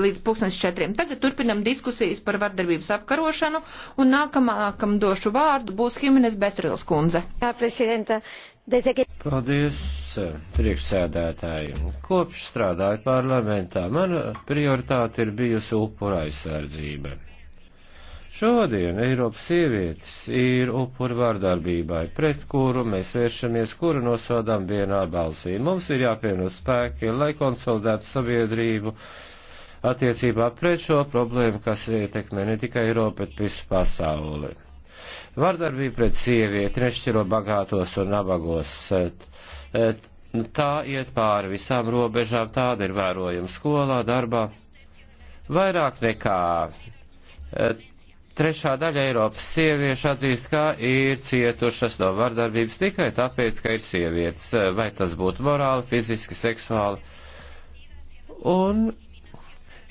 līdz pusnes četriem. Tagad turpinam diskusijas par vardarbības apkarošanu, un nākamā, kam došu vārdu, būs Himenes Besrils kundze. Paldies, priekšsēdētāji. Kopš strādāju parlamentā, mana prioritāte ir bijusi upura aizsardzība. Šodien Eiropas sievietes ir upuri vārdarbībai, pret kuru mēs vēršamies, kuru nosodām vienā balsī. Mums ir jāpieno spēki, lai konsolidētu sabiedrību, uh, attiecībā pret šo problēmu, kas ietekmē ne tikai Eiropu, bet visu pasauli. Vardarbība pret sievieti nešķiro bagātos un nabagos. Tā iet pāri visām robežām, tāda ir vērojama skolā, darbā. Vairāk nekā e, trešā daļa Eiropas sieviešu atzīst, ka ir cietušas no vardarbības tikai tāpēc, ka ir sievietes, vai tas būtu morāli, fiziski, seksuāli. Un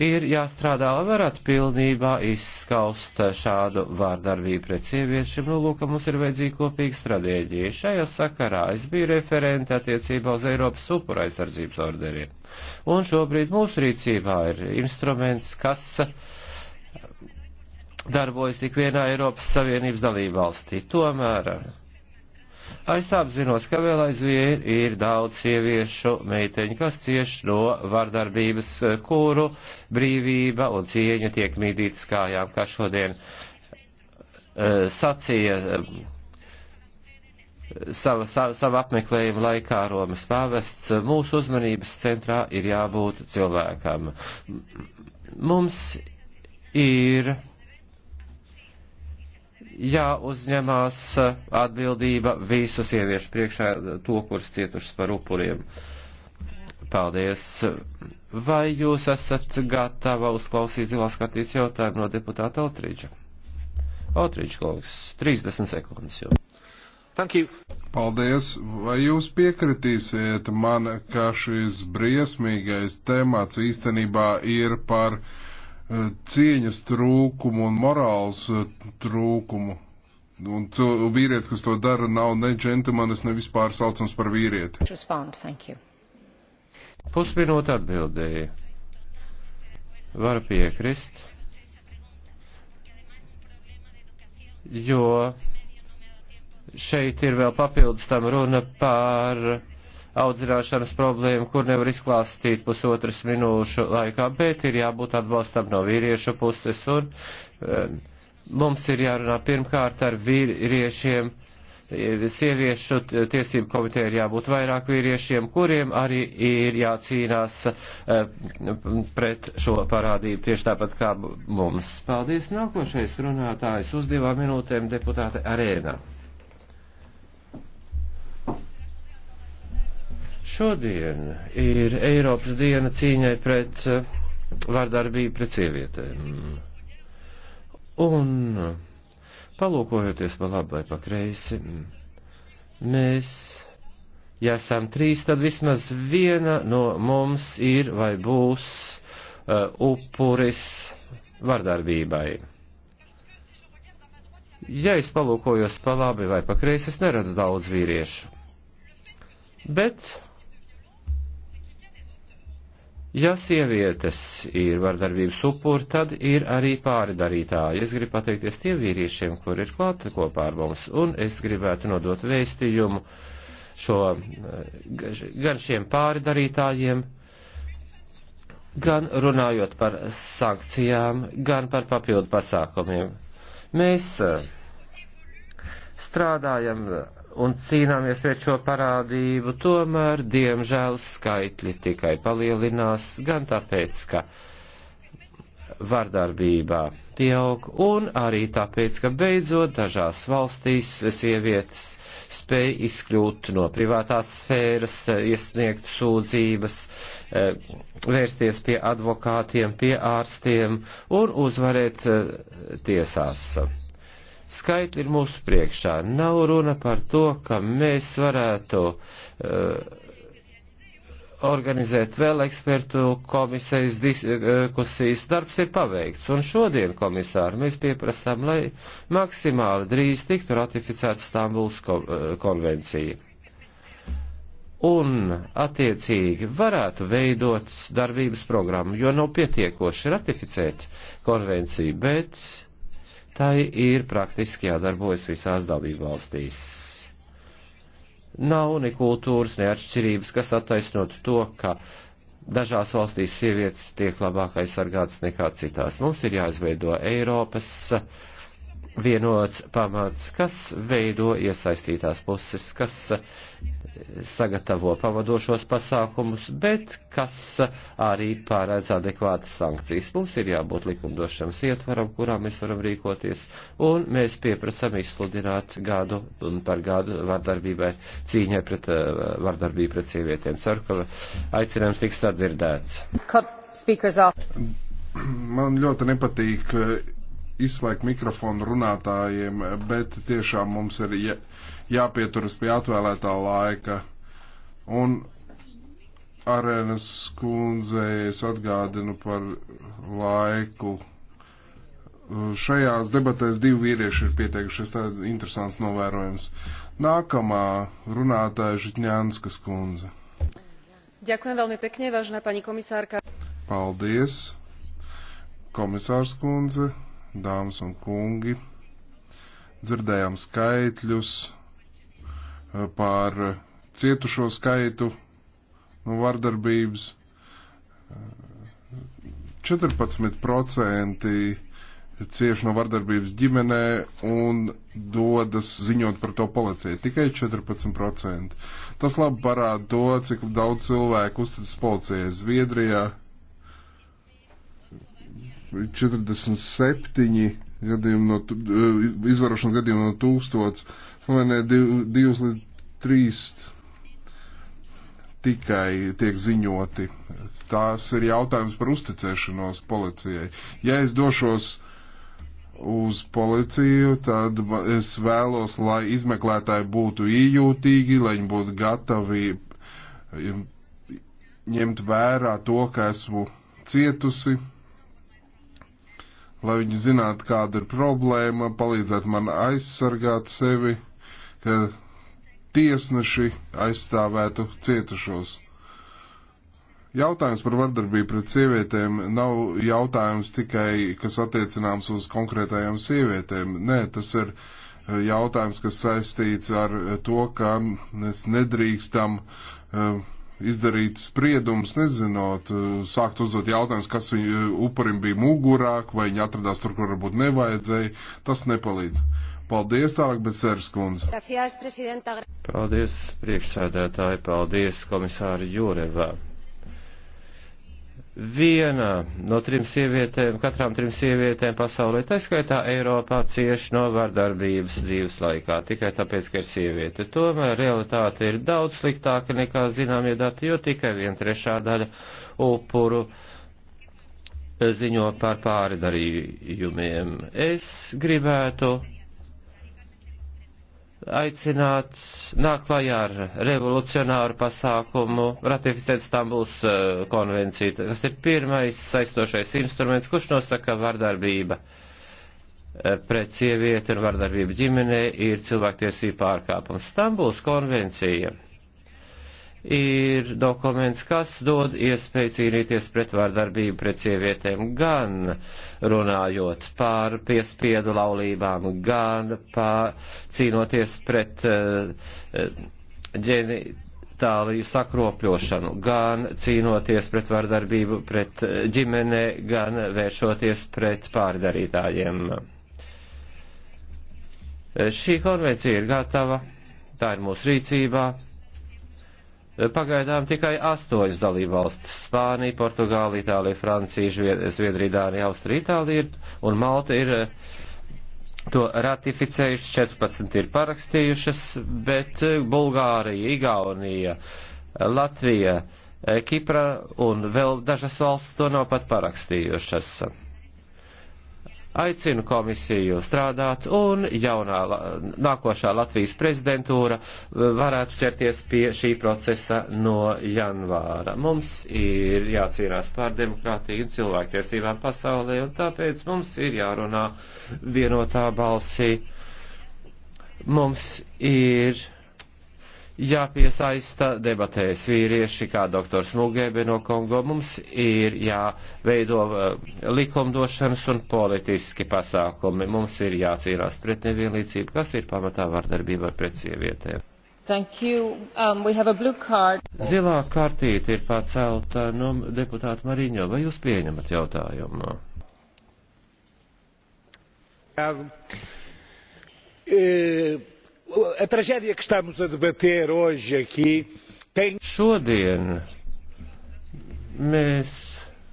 ir jāstrādā, lai varētu pilnībā izskaust šādu vārdarbību pret sieviešiem. Nu, lūk, mums ir vajadzīga kopīga stratēģija. Šajā sakarā es biju referente attiecībā uz Eiropas upura aizsardzības orderiem. Un šobrīd mūsu rīcībā ir instruments, kas darbojas tik vienā Eiropas Savienības dalībvalstī. Tomēr Es apzinos, ka vēl aizvien ir daudz sieviešu meiteņu, kas cieš no vardarbības, kuru brīvība un cieņa tiek mīdītas kājām, kā šodien uh, sacīja uh, sava, sava, sava apmeklējuma laikā Romas pāvests. Mūsu uzmanības centrā ir jābūt cilvēkam. Mums ir jāuzņemās eh, atbildība visu sieviešu priekšā to, kurus cietušas par upuriem. Paldies! Vai jūs esat gatava uzklausīt zilās kartītes jautājumu no deputāta Autrīģa? Autrīģa kungs, 30 sekundes jau. Thank you. Paldies. Vai jūs piekritīsiet man, ka šis briesmīgais temats īstenībā ir par uh, Eh, cieņas trūkumu un morāls eh, trūkumu. Un vīrietis, kas to dara, nav ne džentlmenis, ne vispār saucams par vīrieti. Respond, Pusminūte atbildēja. Var piekrist, jo šeit ir vēl papildus tam runa par audzināšanas problēmu, kur nevar izklāstīt pusotras minūšu laikā, bet ir jābūt atbalstam no vīriešu puses un um, mums ir jārunā pirmkārt ar vīriešiem, sieviešu tiesību komiteja ir jābūt vairāk vīriešiem, kuriem arī ir jācīnās um, pret šo parādību tieši tāpat kā mums. Paldies, nākošais runātājs uz divām minūtēm deputāte Arēnā. Šodien ir Eiropas diena cīņai pret eh, vārdarbību pret sievietēm. Un palūkojoties pa labi vai pa kreisi, mēs, ja esam trīs, tad vismaz viena no mums ir vai būs uh, upuris vardarbībai. Ja es palūkojos pa labi vai pa kreisi, es neredzu daudz vīriešu. Bet Ja sievietes ir vardarbības upuri, tad ir arī pāridarītāji. Es gribu pateikties tiem vīriešiem, kur ir klāt kopā ar mums, un es gribētu nodot vēstījumu šo, eh, gan šiem pāridarītājiem, gan runājot par sankcijām, gan par papildu pasākumiem. Mēs uh, strādājam un cīnāmies pret šo parādību, tomēr, diemžēl, skaitļi tikai palielinās, gan tāpēc, ka vardarbībā pieaug, un arī tāpēc, ka beidzot dažās valstīs sievietes spēja izkļūt no privātās sfēras, iesniegt sūdzības, eh, vērsties pie advokātiem, pie ārstiem un uzvarēt eh, tiesās Skaitļi ir mūsu priekšā. Nav runa par to, ka mēs varētu uh, organizēt vēl ekspertu komisijas eh, diskusijas. Darbs ir paveikts, un šodien, komisāri, mēs pieprasām, lai maksimāli drīz tiktu ratificēta Stambuls eh, konvencija. Un, attiecīgi, varētu veidot darbības programmu, jo nav pietiekoši ratificēt konvenciju, bet tai ir praktiski jādarbojas visās dalību valstīs. Nav ne kultūras, ne atšķirības, kas attaisnotu to, ka dažās valstīs sievietes tiek labāk aizsargātas nekā citās. Mums ir jāizveido Eiropas uh, vienots pamats, kas veido iesaistītās puses, kas sagatavo pavadošos pasākumus, bet kas arī pārēdz adekvātas sankcijas. Mums ir jābūt likumdošanas ietvaram, kurā mēs varam rīkoties, un mēs pieprasam izsludināt gadu un par gadu vardarbībai cīņai pret eh, vardarbību pret sievietēm. Ceru, ka aicinājums tiks sadzirdēts. Man ļoti nepatīk eh, izslēgt mikrofonu runātājiem, bet tiešām mums ir jāpieturas pie atvēlētā laika. Un arēnas kundzei es atgādinu par laiku. Šajās debatēs divi vīrieši ir pieteikušies, tā ir interesants novērojums. Nākamā runātāja Žitņānskas kundze. Ďakujem veľmi pekne, vážená pani komisárka. Paldies, komisārs kundze dāmas un kungi. Dzirdējām skaitļus eh, par cietušo skaitu no nu, vardarbības. 14% eh, cieš no vardarbības ģimenē un dodas ziņot par to policijai. Tikai 14%. Tas labi parāda to, cik daudz cilvēku uzticas policijai Zviedrijā. 47 gadījumi no, eh, izvarošanas gadījumi no tūkstots, Slovenijā 2 līdz 3 tikai tiek ziņoti. Tās ir jautājums par uzticēšanos policijai. Ja es došos uz policiju, tad es vēlos, lai izmeklētāji būtu ījūtīgi, lai viņi būtu gatavi ņemt vērā to, ka esmu cietusi, lai viņi zinātu, kāda ir problēma, palīdzētu man aizsargāt sevi, ka tiesneši aizstāvētu cietušos. Jautājums par vardarbību pret sievietēm nav jautājums tikai, kas attiecināms uz konkrētajām sievietēm. Nē, tas ir eh, jautājums, kas saistīts ar to, ka mēs nedrīkstam uh, izdarīt spriedumus, nezinot, eh, sākt uzdot jautājumus, kas viņa eh, upurim bija mugurāk, vai viņa atradās tur, kur varbūt nevajadzēja. Tas nepalīdz. Paldies tālāk, bet Sērs kundze. Paldies, priekšsēdētāji, paldies, komisāri Jūrevā viena no trim sievietēm, katrām trim sievietēm pasaulē, tā skaitā Eiropā, cieši no vardarbības dzīves laikā, tikai tāpēc, ka ir sieviete. Tomēr realitāte ir daudz sliktāka nekā zināmie dati, jo tikai viena trešā daļa upuru ziņo par pāridarījumiem. Es gribētu aicināts nākt klajā ar revolucionāru pasākumu, ratificēt Stambuls eh, konvenciju, kas ir pirmais saistošais instruments, kurš nosaka vardarbība eh, pret sievieti un vardarbību ģimenē ir cilvēktiesība pārkāpums. Stambuls konvencija ir dokuments, kas dod iespēju cīnīties pret vārdarbību pret sievietēm, gan runājot par piespiedu laulībām, gan par cīnoties pret uh, ģenitāliju sakropļošanu, gan cīnoties pret vārdarbību pret ģimene, gan vēršoties pret pārdarītājiem. Šī konvencija ir gatava, tā ir mūsu rīcībā Eh, pagaidām tikai astoņas dalībvalstis - Spānija, Portugāla, Itālija, Francija, Zviedrija, Dānija, Austrija, Itālija un Malta ir eh, to ratificējuši, 14 ir parakstījušas, bet eh, Bulgārija, Igaunija, Latvija, Kipra un vēl dažas valsts to nav pat parakstījušas aicinu komisiju strādāt un jaunā nākošā Latvijas prezidentūra eh, varētu ķerties pie šī procesa no janvāra. Mums ir jācīnās pār demokrātiju un cilvēktiesībām pasaulē un tāpēc mums ir jārunā vienotā balsī. Mums ir jāpiesaista debatēs vīrieši, kā doktors Mugēbe no Kongo. Mums ir jāveido eh, likumdošanas un politiski pasākumi. Mums ir jācīnās pret nevienlīdzību, kas ir pamatā vardarbība pret sievietēm. Um, Zilā kartīte ir pacelta no deputāta Mariņo. Vai jūs pieņemat jautājumu? Jā. Um, e a tragédia que estamos a debater hoje aqui tem. Šodien mēs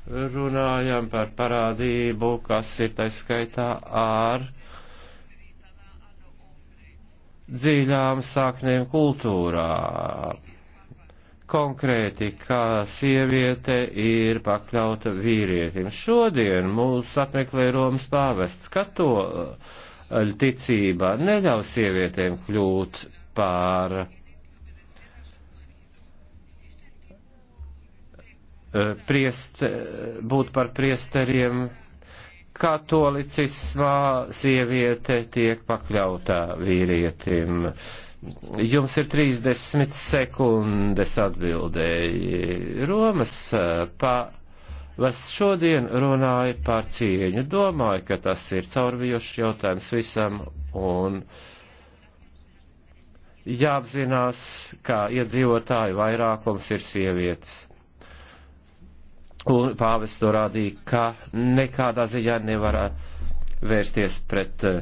runājam par parādību, kas ir taiskaitā ar dziļām saknēm kultūrā. Konkrēti, kā sieviete ir pakļauta vīrietim. Šodien mūs apmeklē Romas pāvests, skatot ticība neļauj sievietēm kļūt par eh, priest, būt par priesteriem. Katolicismā sieviete tiek pakļautā vīrietim. Jums ir 30 sekundes atbildēji. Romas eh, pa Vest šodien runāja par cieņu. Domāju, ka tas ir caurvijušs jautājums visam un jāapzinās, ka iedzīvotāju vairākums ir sievietes. Un pāvis to rādīja, ka nekādā ziņā nevar vērsties pret uh,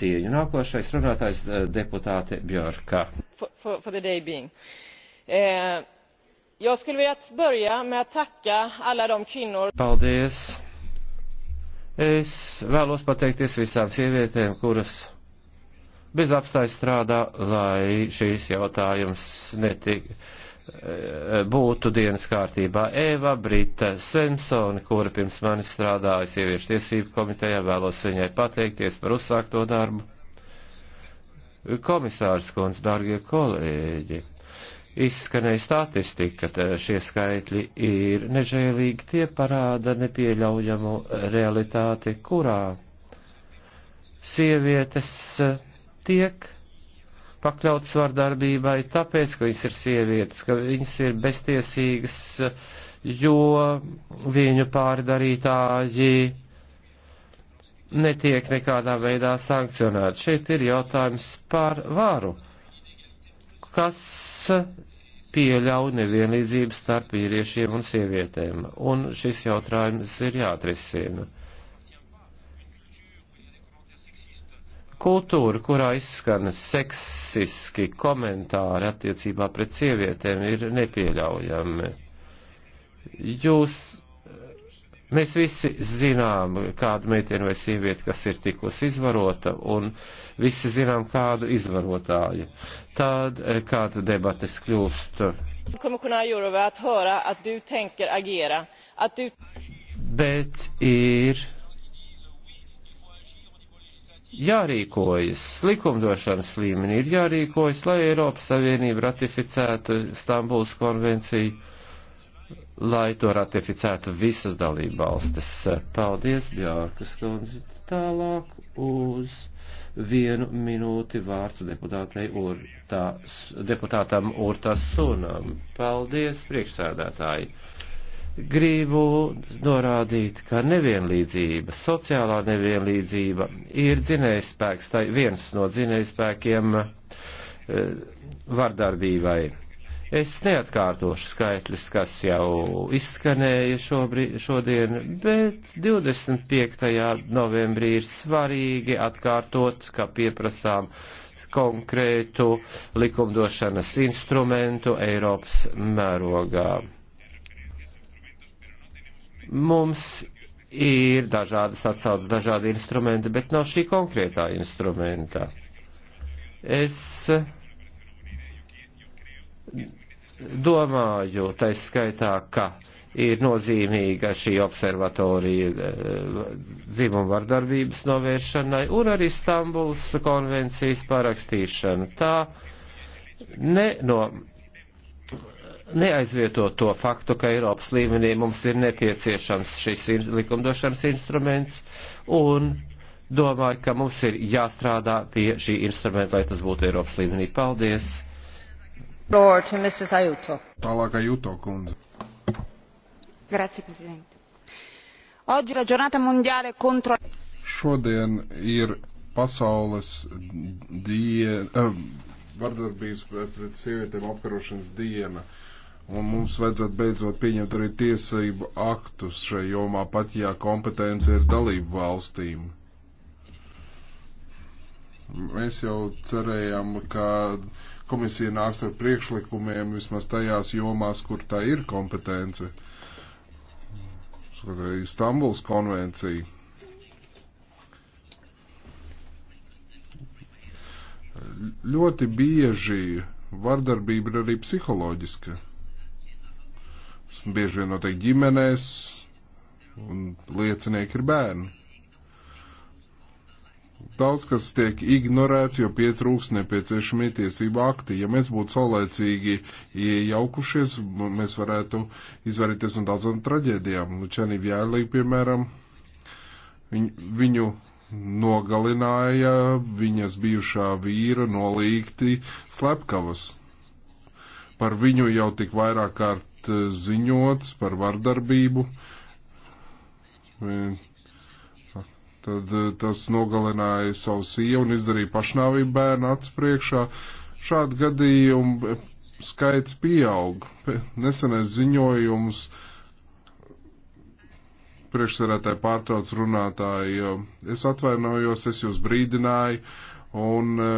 cieņu. Nākošais runātājs uh, deputāte Bjorka. For, for, for Jag skulle vilja börja med att tacka alla de kvinnor. Paldies. Es vēlos pateikties visām sievietēm, kuras bez apstājas strādā, lai šīs jautājums netik, eh, būtu dienas kārtībā. Eva Brita Svensone, kura pirms manis strādāja sieviešu tiesību komitejā, vēlos viņai pateikties par uzsākto darbu. Komisārs Kons, dārgie kolēģi! izskanēja statistika, šie skaitļi ir nežēlīgi, tie parāda nepieļaujamu realitāti, kurā sievietes e, tiek pakļautas vardarbībai, tāpēc, ka viņas ir sievietes, ka viņas ir beztiesīgas, e, jo viņu pārdarītāji netiek nekādā veidā sankcionēti. Šeit ir jautājums par varu kas pieļauj nevienlīdzību starp vīriešiem un sievietēm, un šis jautājums ir jāatrisina. Kultūra, kurā izskan seksiski komentāri attiecībā pret sievietēm, ir nepieļaujami. Jūs Mēs visi zinām kādu meiteni vai sievieti, kas ir tikusi izvarota, un visi zinām kādu izvarotāju. Tad, eh, kad debates kļūst. Bet ir jārīkojas likumdošanas līmenī, ir jārīkojas, lai Eiropas Savienība ratificētu Stambuls konvenciju lai to ratificētu visas dalībvalstis. Paldies, Bjārkas kundze. Tālāk uz vienu minūti vārds Urtā, deputātam Urtas Sunam. Paldies, priekšsēdētāji. Gribu norādīt, ka nevienlīdzība, sociālā nevienlīdzība ir dzinējspēks, tai viens no dzinējspēkiem eh, vardarbībai Es neatkārtošu skaitļus, kas jau izskanēja šobrīd, šodien, bet 25. novembrī ir svarīgi atkārtot, ka pieprasām konkrētu likumdošanas instrumentu Eiropas mērogā. Mums ir dažādas atsaucas, dažādi instrumenti, bet nav šī konkrētā instrumenta. Es domāju, taisa skaitā, ka ir nozīmīga šī observatorija eh, dzimumu vardarbības novēršanai un arī Stambuls konvencijas parakstīšana. Tā ne no neaizvietot to faktu, ka Eiropas līmenī mums ir nepieciešams šis likumdošanas instruments, un domāju, ka mums ir jāstrādā pie šī instrumenta, lai tas būtu Eiropas līmenī. Paldies! Tālāk Ajuto kundze. Grazie, prezidente. Oggi la giornata mondiale contro... Šodien ir pasaules die, eh, vardarbības pret sievietēm apkarošanas diena. Un mums vajadzētu beidzot pieņemt arī tiesību aktus šajā jomā, pat ja kompetence ir dalību valstīm. Mēs jau cerējām, ka uh, komisija nāks ar priekšlikumiem vismaz tajās jomās, kur tā ir kompetence. Stambuls konvencija. Ļoti bieži vardarbība ir arī psiholoģiska. Bieži vien notiek ģimenēs, un liecinieki ir bērni. Daudz kas tiek ignorēts, jo pietrūks nepieciešamie tiesību akti. Ja mēs būtu saulēcīgi iejaukušies, nu, mēs varētu izvairīties no daudzām traģēdijām. Nu, Čenīvi Jālī, piemēram, viņ, viņu nogalināja viņas bijušā vīra nolīgti slepkavas. Par viņu jau tik vairāk kārt eh, ziņots par vardarbību. Tad eh, tas nogalināja savu sievu un izdarīja pašnāvību bērnu acu priekšā. Šādu gadījumu eh, skaits pieaug. Nesenais ziņojums priekšsarētāji pārtrauc runātāji. Es atvainojos, es jūs brīdināju un eh,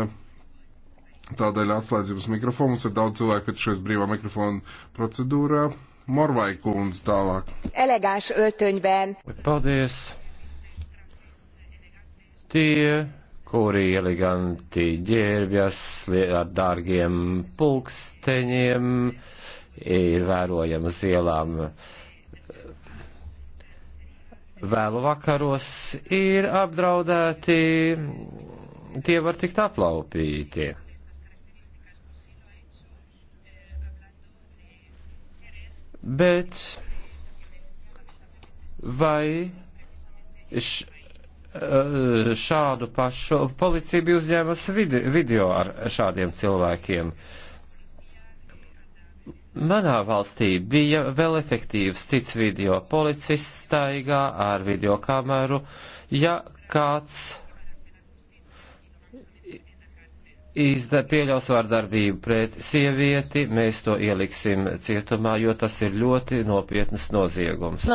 tādēļ atslēdz jums mikrofonus. Ir daudz cilvēku, kas šajās brīvā mikrofona procedūrā. Morvai kundze tālāk. Elegāns öltöņbēn. Paldies! tie, kuri eleganti ģērbjas ar dārgiem pulksteņiem, ir vērojami uz ielām vēlu vakaros, ir apdraudēti, tie var tikt aplaupīti. Bet vai š, Eh, šādu pašu policiju bija uzņēmusi video ar šādiem cilvēkiem. Manā valstī bija vēl efektīvs cits video. Policists staigā ar video kameru, ja kāds izda, pieļaus vārdarbību pret sievieti, mēs to ieliksim cietumā, jo tas ir ļoti nopietnas noziegums.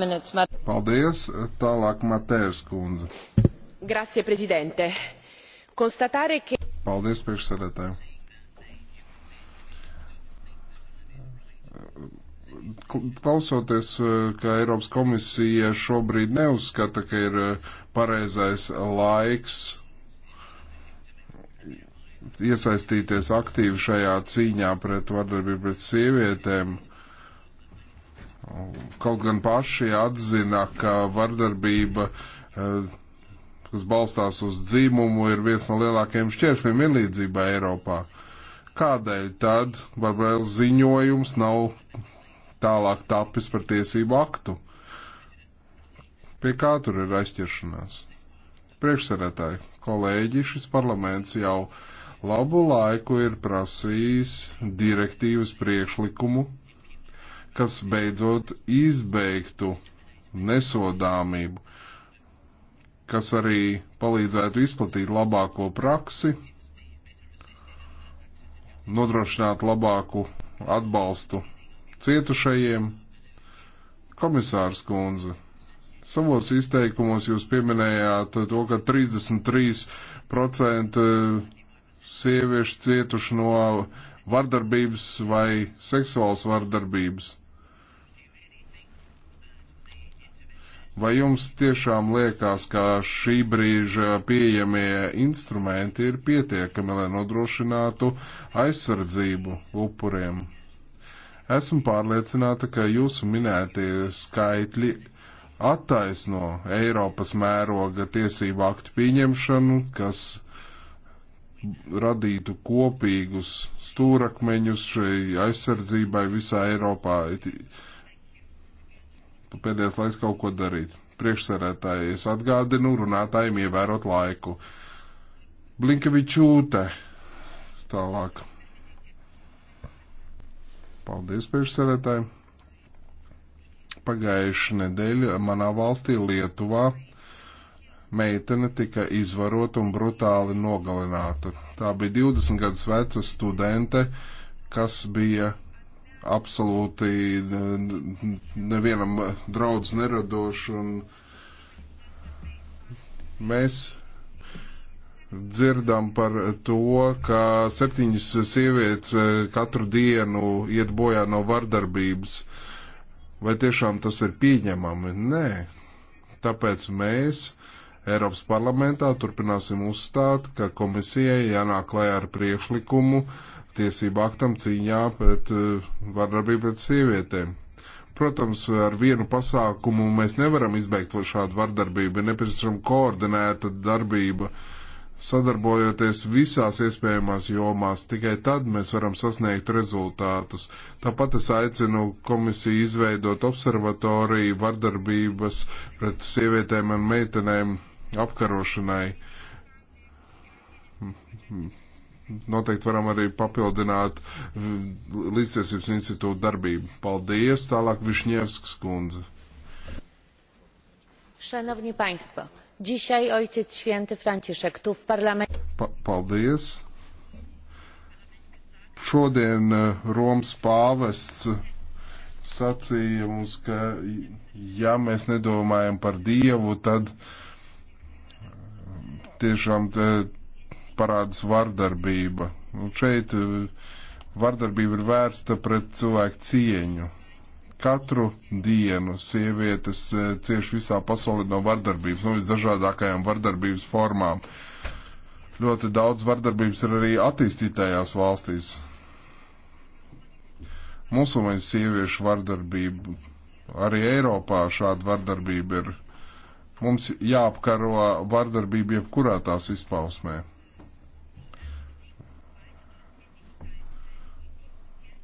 Minutes, Mat Paldies, tālāk Matērs kundze. Grazie, prezidente. Konstatare, ka... Paldies, priekšsēdētāji. Klausoties, eh, ka Eiropas komisija šobrīd neuzskata, ka ir eh, pareizais laiks iesaistīties aktīvi šajā cīņā pret vardarbību pret sievietēm. Kaut gan paši atzina, ka vardarbība, eh, kas balstās uz dzīmumu, ir viens no lielākajiem šķērsliem vienlīdzībā Eiropā. Kādēļ tad Barbails ziņojums nav tālāk tapis par tiesību aktu? Pie kā tur ir aizķeršanās? Priekšsarētāji, kolēģi, šis parlaments jau uh, labu laiku ir prasījis direktīvas priekšlikumu, kas beidzot izbeigtu nesodāmību, kas arī palīdzētu izplatīt labāko praksi, nodrošināt labāku atbalstu cietušajiem. Komisārs Kunze, savos izteikumos jūs pieminējāt to, ka 33% sieviešu cietuši no vardarbības vai seksuāls vardarbības. Vai jums tiešām liekas, ka šī brīža pieejamie instrumenti ir pietiekami, lai nodrošinātu aizsardzību upuriem? Esmu pārliecināta, ka jūsu minētie skaitļi attaisno Eiropas mēroga tiesību aktu pieņemšanu, kas radītu kopīgus stūrakmeņus šai aizsardzībai visā Eiropā. Pēdējais laiks kaut ko darīt. Priekšsarētāji, es atgādinu runātājiem ievērot laiku. Blinkevičūte. Tālāk. Paldies, priekšsarētāji. Pagājuši nedēļa manā valstī Lietuvā meitene tika izvarota un brutāli nogalināta. Tā bija 20 gadus veca studente, kas bija absolūti nevienam draudz neradoši un mēs dzirdam par to, ka septiņas sievietes e, katru dienu iet bojā no vardarbības. Vai tiešām tas ir pieņemami? Nē. Tāpēc mēs uh, Eiropas parlamentā turpināsim uzstāt, ka komisijai jānāk klajā ar priekšlikumu tiesību aktam cīņā pret eh, vardarbību pret sievietēm. Protams, ar vienu pasākumu mēs nevaram izbeigt šādu vardarbību, ir nepieciešama koordinēta darbība, sadarbojoties visās iespējamās jomās, tikai tad mēs varam sasniegt rezultātus. Tāpat es aicinu komisiju izveidot observatoriju vardarbības pret sievietēm un meitenēm apkarošanai. Noteikti varam arī papildināt Līdztiesības institūta darbību. Paldies, tālāk Višņevskas kundze. Szanowni Państwo, dzisiaj Ojciec Święty Franciszek tu w parlamencie. Pa paldies. Šodien eh, Romas pāvests sacīja mums, ka ja mēs nedomājam par Dievu, tad uh, tiešām e, parādās vardarbība. Un nu, šeit e, vardarbība ir vērsta pret cilvēku cieņu. Katru dienu sievietes e, cieš visā pasaulē no vardarbības, no visdažādākajām vardarbības formām. Ļoti daudz vardarbības ir arī attīstītajās valstīs. Musulmaņu sieviešu vardarbību, arī Eiropā šāda vardarbība ir Mums jāapkaro vardarbība jebkurā tās izpausmē.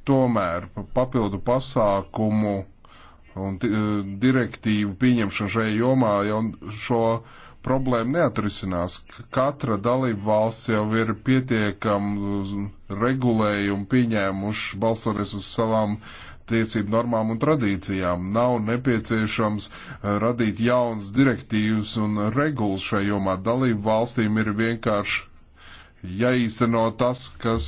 Tomēr papildu pasākumu un eh, direktīvu pieņemšana šajā jomā jau šo problēma neatrisinās. Katra dalība valsts jau ir pietiekam regulējumu pieņēmuši balstoties uz savām uh, tiesību normām un tradīcijām. Nav nepieciešams eh, radīt jaunas direktīvas un regulas šajā jomā. Dalību valstīm ir vienkārši jāīsteno tas, kas,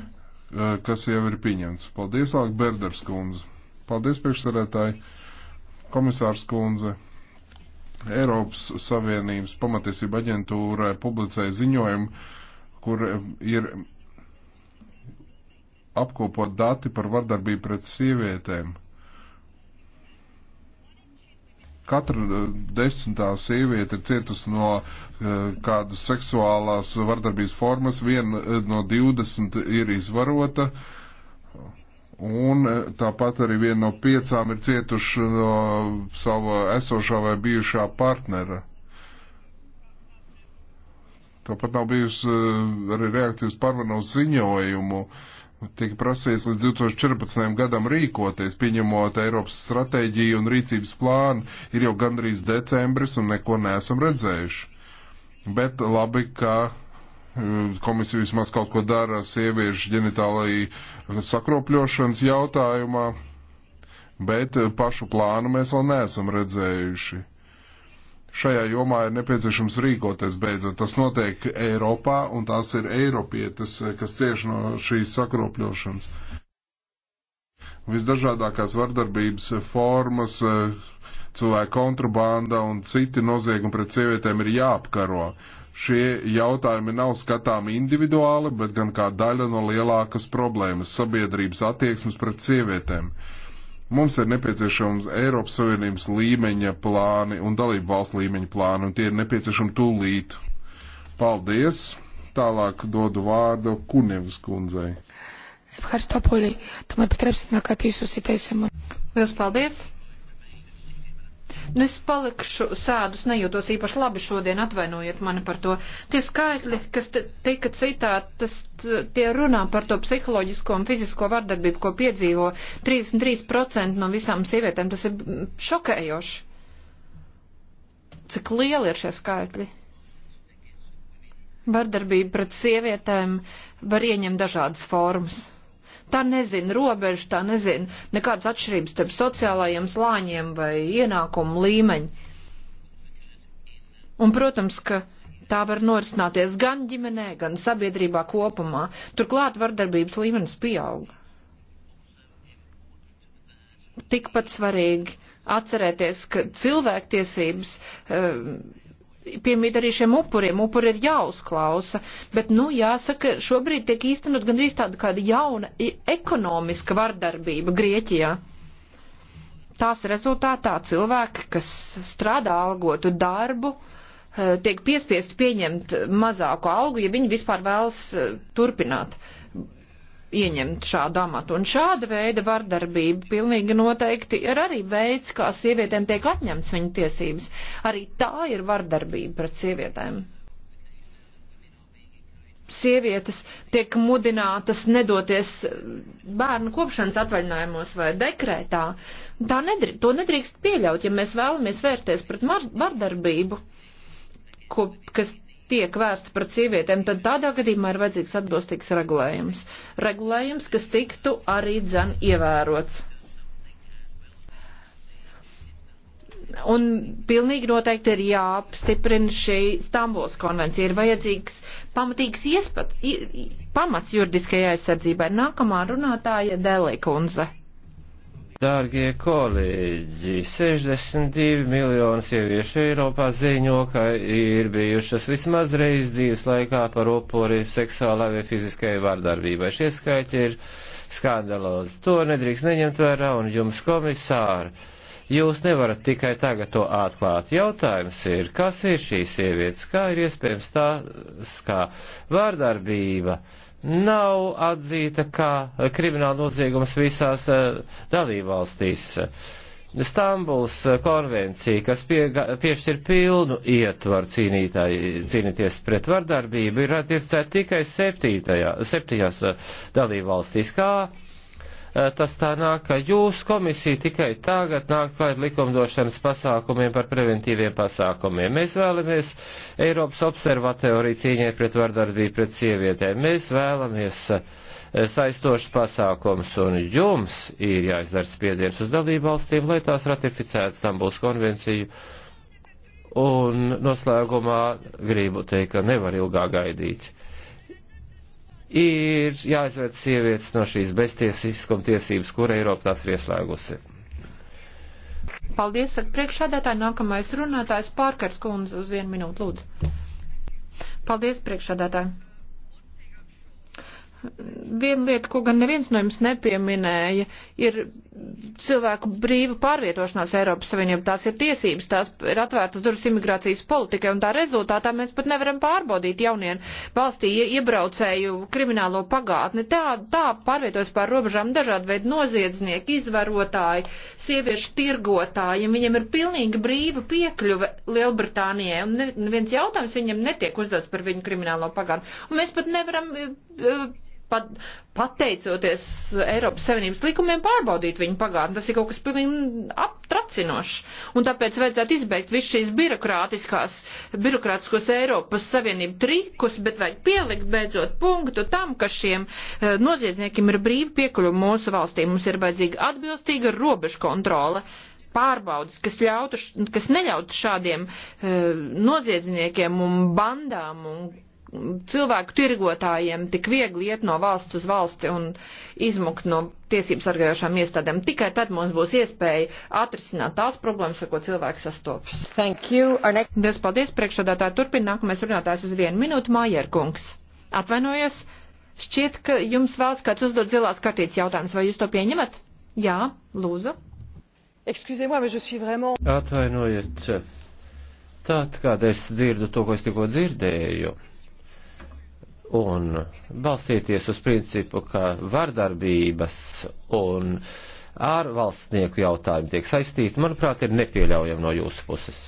eh, kas jau ir pieņemts. Paldies, Lāk Berders kundze. Paldies, priekšsarētāji. Komisārs kundze. Eiropas Savienības pamatiesība aģentūra publicēja ziņojumu, kur ir apkopot dati par vardarbību pret sievietēm. Katra eh, desmitā sieviete ir cietusi no uh, kādas seksuālās vardarbības formas, viena eh, no 20 ir izvarota, un tāpat arī viena no piecām ir cietuši no sava esošā vai bijušā partnera. Tāpat nav bijusi arī reakcijas par manu ziņojumu. Uh, tika prasīts līdz 2014. gadam rīkoties, pieņemot Eiropas stratēģiju un rīcības plānu, ir jau gandrīz decembris un neko neesam redzējuši. Bet labi, ka e, komisija vismaz kaut ko dara sieviešu ģenitālajai sakropļošanas jautājumā, bet pašu plānu mēs vēl neesam redzējuši šajā jomā ir nepieciešams rīkoties beidzot. Tas notiek Eiropā, un tās ir Eiropietas, kas cieš no šīs sakropļošanas. Visdažādākās vardarbības formas, cilvēku kontrabanda un citi noziegumi pret sievietēm ir jāapkaro. Šie jautājumi nav skatāmi individuāli, bet gan kā daļa no lielākas problēmas - sabiedrības attieksmes pret sievietēm. Uh, Mums ir nepieciešams Eiropas Savienības līmeņa plāni un dalību valsts līmeņa plāni, un tie ir nepieciešami tūlīt. Paldies! Tālāk dodu vārdu Kunevas kundzei. Liels paldies! Nu, es palikšu sēdus, nejūtos īpaši labi šodien, atvainojiet mani par to. Tie skaitļi, kas tika citātas, tie runā par to psiholoģisko un fizisko vardarbību, ko piedzīvo 33% no visām sievietēm. Tas ir šokējoši. Cik lieli ir šie skaitļi? Vardarbība pret sievietēm var ieņemt dažādas formas. Tā nezina robežu, tā nezina nekādas atšķirības starp sociālajiem slāņiem vai ienākumu līmeņu. Un, protams, ka tā var norisināties gan ģimenē, gan sabiedrībā kopumā. Turklāt vardarbības līmenis pieaug. Tikpat svarīgi atcerēties, ka cilvēktiesības. Uh, piemīt arī šiem upuriem. Upuri ir jāuzklausa, bet, nu, jāsaka, šobrīd tiek īstenot gandrīz tāda kāda jauna ekonomiska vardarbība Grieķijā. Tās rezultātā cilvēki, kas strādā algotu darbu, eh, tiek piespiesti pieņemt mazāku algu, ja viņi vispār vēlas eh, turpināt. Uh, ieņemt šādu amatu. Un šāda veida vardarbība pilnīgi noteikti ir arī veids, kā sievietēm tiek atņemts viņu tiesības. Arī tā ir vardarbība pret sievietēm sievietes tiek mudinātas nedoties bērnu kopšanas atvaļinājumos vai dekrētā. Tā nedrīkst, to nedrīkst pieļaut, ja mēs vēlamies vērties pret vardarbību, ko, kas tiek vērsta pret sievietēm, tad tādā gadījumā ir vajadzīgs atbilstīgs regulējums. Regulējums, kas tiktu arī dzen ievērots. Un pilnīgi noteikti ir jāapstiprina šī Stambuls konvencija. Ir vajadzīgs pamatīgs iespat, i, pamats juridiskajai aizsardzībai. Nākamā runātāja Delī Kunze. Dārgie kolēģi, 62 miljoni sieviešu Eiropā ziņo, ka ir bijušas vismaz reiz dzīves laikā par upuri seksuālai vai fiziskai vārdarbībai. Šie skaitļi ir skandalozi. To nedrīkst neņemt vērā un jums komisāri. Jūs nevarat tikai tagad to atklāt. Jautājums ir, kas ir šīs sievietes, kā ir iespējams tā, kā vārdarbība nav atzīta kā krimināla noziegums visās eh, dalībvalstīs. Stambuls eh, konvencija, kas pie, piešķir pilnu ietvaru cīnītāji, cīnīties pret vardarbību, ir ratificēta tikai septītajā, septītajās eh, dalībvalstīs. Kā Eh, tas tā nāk, ka jūs komisija tikai tagad nāk klāt likumdošanas pasākumiem par preventīviem pasākumiem. Mēs vēlamies Eiropas observatoriju cīņai pret vardarbību pret sievietēm. Mēs vēlamies eh, saistošs pasākums, un jums ir jāizdara spiediens uz dalību valstīm, lai tās ratificētu Stambuls konvenciju. Un noslēgumā gribu teikt, ka nevar ilgāk gaidīt ir jāizved sievietes no šīs beztiesiskuma tiesības, kura Eiropa tās ir ieslēgusi. Paldies, saka priekšādātāji. Nākamais runātājs Pārkars Kunz uz vienu minūtu lūdzu. Paldies, priekšādātāji. Viena lieta, ko gan neviens no jums nepieminēja, ir cilvēku brīvu pārvietošanās Eiropas Savienību. Tās ir tiesības, tās ir atvērtas durvis imigrācijas politikai, un tā rezultātā mēs pat nevaram pārbaudīt jaunien valstī iebraucēju kriminālo pagātni. Tā, tā pārvietojas pār robežām dažādi veidi noziedznieki, izvarotāji, sieviešu tirgotāji, un viņiem ir pilnīgi brīva piekļuve Lielbritānijai, un neviens jautājums viņiem netiek uzdots par viņu kriminālo pagātni. Un mēs pat nevaram eh, eh, pat, pateicoties Eiropas Savienības likumiem, pārbaudīt viņu pagātni. Tas ir kaut kas pilnīgi aptracinošs. Un tāpēc vajadzētu izbeigt visu šīs birokrātiskās, birokrātiskos Eiropas Savienību trikus, bet vajag pielikt beidzot punktu tam, ka šiem e, noziedzniekiem ir brīvi piekuļu mūsu valstī. Mums ir vajadzīga atbilstīga robežu kontrole pārbaudas, kas, ļautu, kas neļautu šādiem e, noziedzniekiem un bandām un cilvēku tirgotājiem tik viegli iet no valsts uz valsti un izmukt no tiesības sargājošām iestādēm. Tikai tad mums būs iespēja atrisināt tās problēmas, ar ko cilvēks sastopas. Thank you. Next... Des paldies, priekšsādātāji. Turpina nākamais runātājs uz vienu minūtu, Mājerkungs. Atvainojos. Šķiet, ka jums vēlas kāds uzdot zilās kartītes jautājumus. Vai jūs to pieņemat? Jā, lūdzu. Excusez-moi, mais je suis vraiment... Atvainojiet. Tātad, kad es dzirdu to, ko es tikko dzirdēju, un balstīties uz principu, ka vardarbības un ārvalstnieku jautājumi tiek saistīti, manuprāt, ir nepieļaujami no jūsu puses.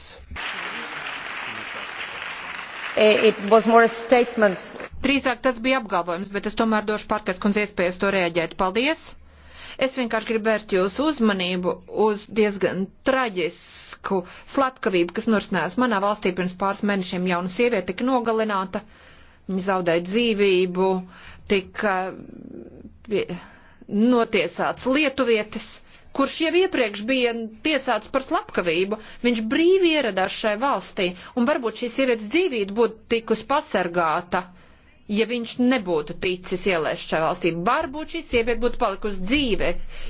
Eh, Drīzāk tas bija apgalvojums, bet es tomēr došu Parkas kundze iespējas to rēģēt. Paldies! Es vienkārši gribu vērst jūsu uzmanību uz diezgan traģisku slepkavību, kas norisinājās manā valstī pirms pāris mēnešiem. Jauna sieviete tika nogalināta. Uh, Viņi zaudēja dzīvību, tika notiesāts lietuvietis, kurš jau iepriekš bija tiesāts par slepkavību. Viņš brīvi ieradās šai valstī, un varbūt šī sievietes dzīvība būtu tikus pasargāta, ja viņš nebūtu ticis ielaists šai valstī. Varbūt šī sieviete būtu palikusi dzīve,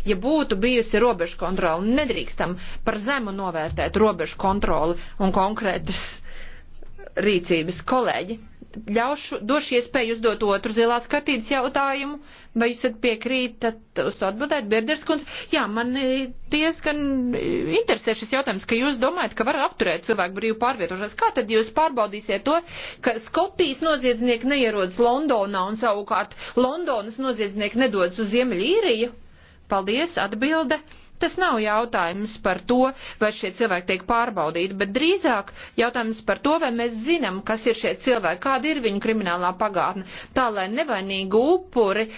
ja būtu bijusi robežu kontrola. Nedrīkstam par zemu novērtēt robežu kontroli un konkrētas rīcības kolēģi ļaušu, došu iespēju uzdot otru zilās kartītes jautājumu, vai jūs piekrītat uz to atbildēt, Bierderskundz? Jā, man diezgan interesē šis jautājums, ka jūs domājat, ka var apturēt cilvēku brīvu pārvietošanos. Kā tad jūs pārbaudīsiet to, ka Skotijas noziedznieki neierodas Londonā un savukārt Londonas noziedznieki nedodas uz Ziemeļīriju? Paldies, atbilde. Tas nav jautājums par to, vai šie cilvēki tiek pārbaudīti, bet drīzāk jautājums par to, vai mēs zinām, kas ir šie cilvēki, kāda ir viņu kriminālā pagātne, tā lai nevainīgi upuri eh,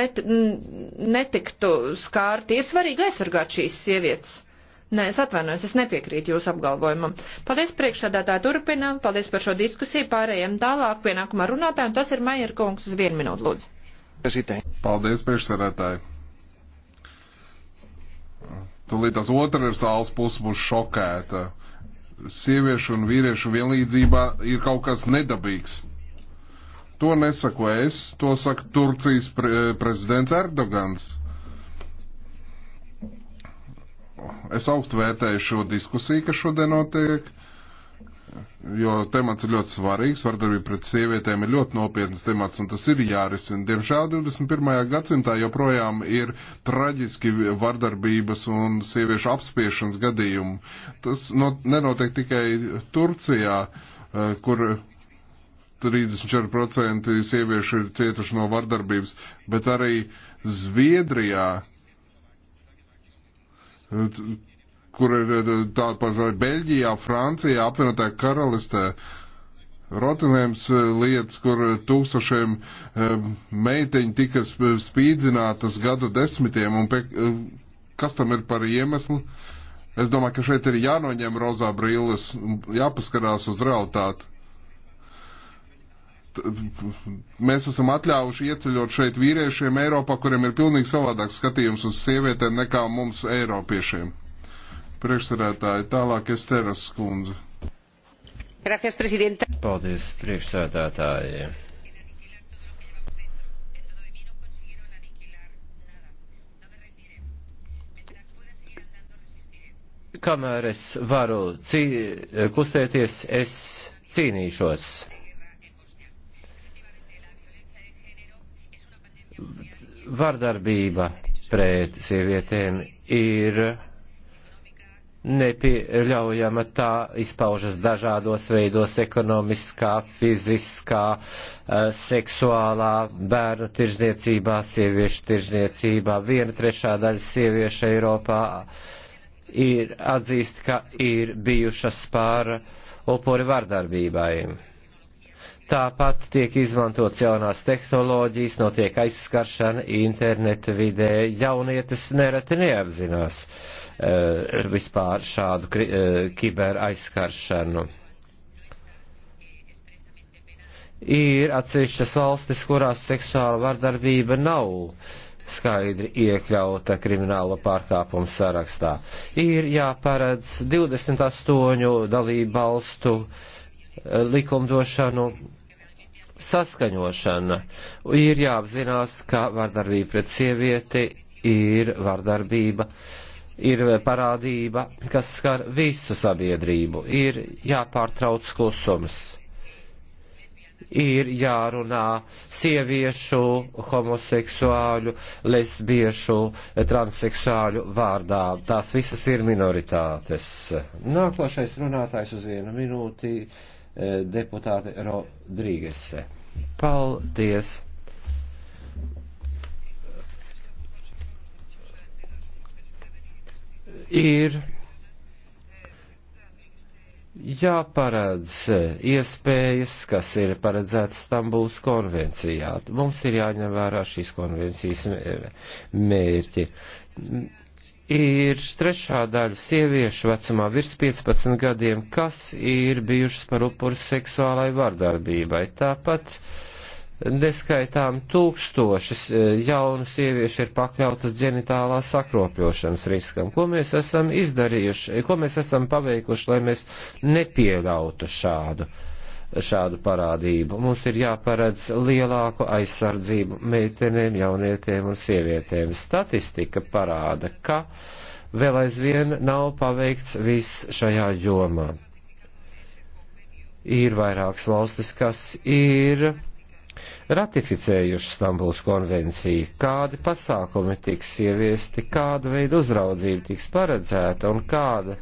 net, netiktu skārti. Ir svarīgi aizsargāt šīs sievietes. Nē, es atvainojos, es nepiekrītu jūsu apgalvojumam. Paldies priekšādātāju turpinām, paldies par šo diskusiju, pārējiem tālāk pienākumā runātājiem. Tas ir Maier kungs uz vienu minūtu, lūdzu. Paldies priekšsarētāji. Tālīt tās otras sāls puses būs šokēta. Sieviešu un vīriešu vienlīdzībā ir kaut kas nedabīgs. To nesaku es, to saka Turcijas pre prezidents Erdogans. Es augstu vērtēju šo diskusiju, kas šodien notiek jo temats ir ļoti svarīgs, vardarbība pret sievietēm ir ļoti nopietnas temats, un tas ir jārisina. Diemžēl 21. gadsimtā joprojām ir traģiski vardarbības un sieviešu apspiešanas gadījumi. Tas not, nenotiek tikai Turcijā, eh, kur 34% sieviešu ir cietuši no vardarbības, bet arī Zviedrijā eh, kur ir tāda paša Beļģijā, Francijā, apvienotā karalistē. Rotinēms eh, lietas, kur eh, tūkstošiem eh, meiteņu tika spīdzinātas gadu desmitiem, un pie, kas tam ir par iemeslu? Es domāju, ka šeit ir jānoņem rozā brīles, jāpaskarās uz realitāti. Mēs esam atļāvuši ieceļot šeit vīriešiem Eiropā, kuriem ir pilnīgi savādāks skatījums uz sievietēm nekā mums, Eiropiešiem. Priekšsēdētāji, tālāk es teras skundze. Gracias, prezidenta. Paldies, priekšsēdētāji. Kamēr es varu cī, kustēties, es cīnīšos. Vardarbība pret sievietēm ir nepieļaujama tā izpaužas dažādos veidos - ekonomiskā, fiziskā, eh, seksuālā, bērnu tirzniecībā, sieviešu tirzniecībā. Viena trešā daļa sieviešu Eiropā ir atzīst, ka ir bijušas pār upuri vardarbībai. Tāpat tiek izmantots jaunās tehnoloģijas, notiek aizskaršana interneta vidē, jaunietes nereti neapzinās. Uh, Eh, vispār šādu eh, kiber aizskaršanu. Ir atsevišķas valstis, kurās seksuāla vardarbība nav skaidri iekļauta kriminālo pārkāpumu sarakstā. Ir jāparedz 28 dalību balstu eh, likumdošanu saskaņošana. Ir jāapzinās, ka vardarbība pret sievieti ir vardarbība uh, ir parādība, kas skar visu sabiedrību. Ir jāpārtrauc klusums. Ir jārunā sieviešu, homoseksuāļu, lesbiešu, transseksuāļu vārdā. Tās visas ir minoritātes. Nākošais runātājs uz vienu minūti eh, deputāte Rodrīgese. Paldies! ir jāparedz iespējas, kas ir paredzētas Stambuls konvencijā. Mums ir jāņem vērā šīs konvencijas mērķi. Ir trešā daļa sieviešu vecumā virs 15 gadiem, kas ir bijušas par upuri seksuālai vardarbībai. Tāpat uh, neskaitām tūkstošas e, jaunu sieviešu ir pakļautas ģenitālās sakropļošanas riskam. Ko mēs esam izdarījuši, ko mēs esam paveikuši, lai mēs nepieļautu šādu, šādu parādību? Mums ir jāparedz lielāku aizsardzību meitenēm, jaunietēm un sievietēm. Statistika parāda, ka vēl aizvien nav paveikts viss šajā jomā. Ir vairākas valstis, kas ir ratificējuši Stambuls konvenciju, kādi pasākumi tiks ieviesti, kāda veida uzraudzība tiks paredzēta un kāda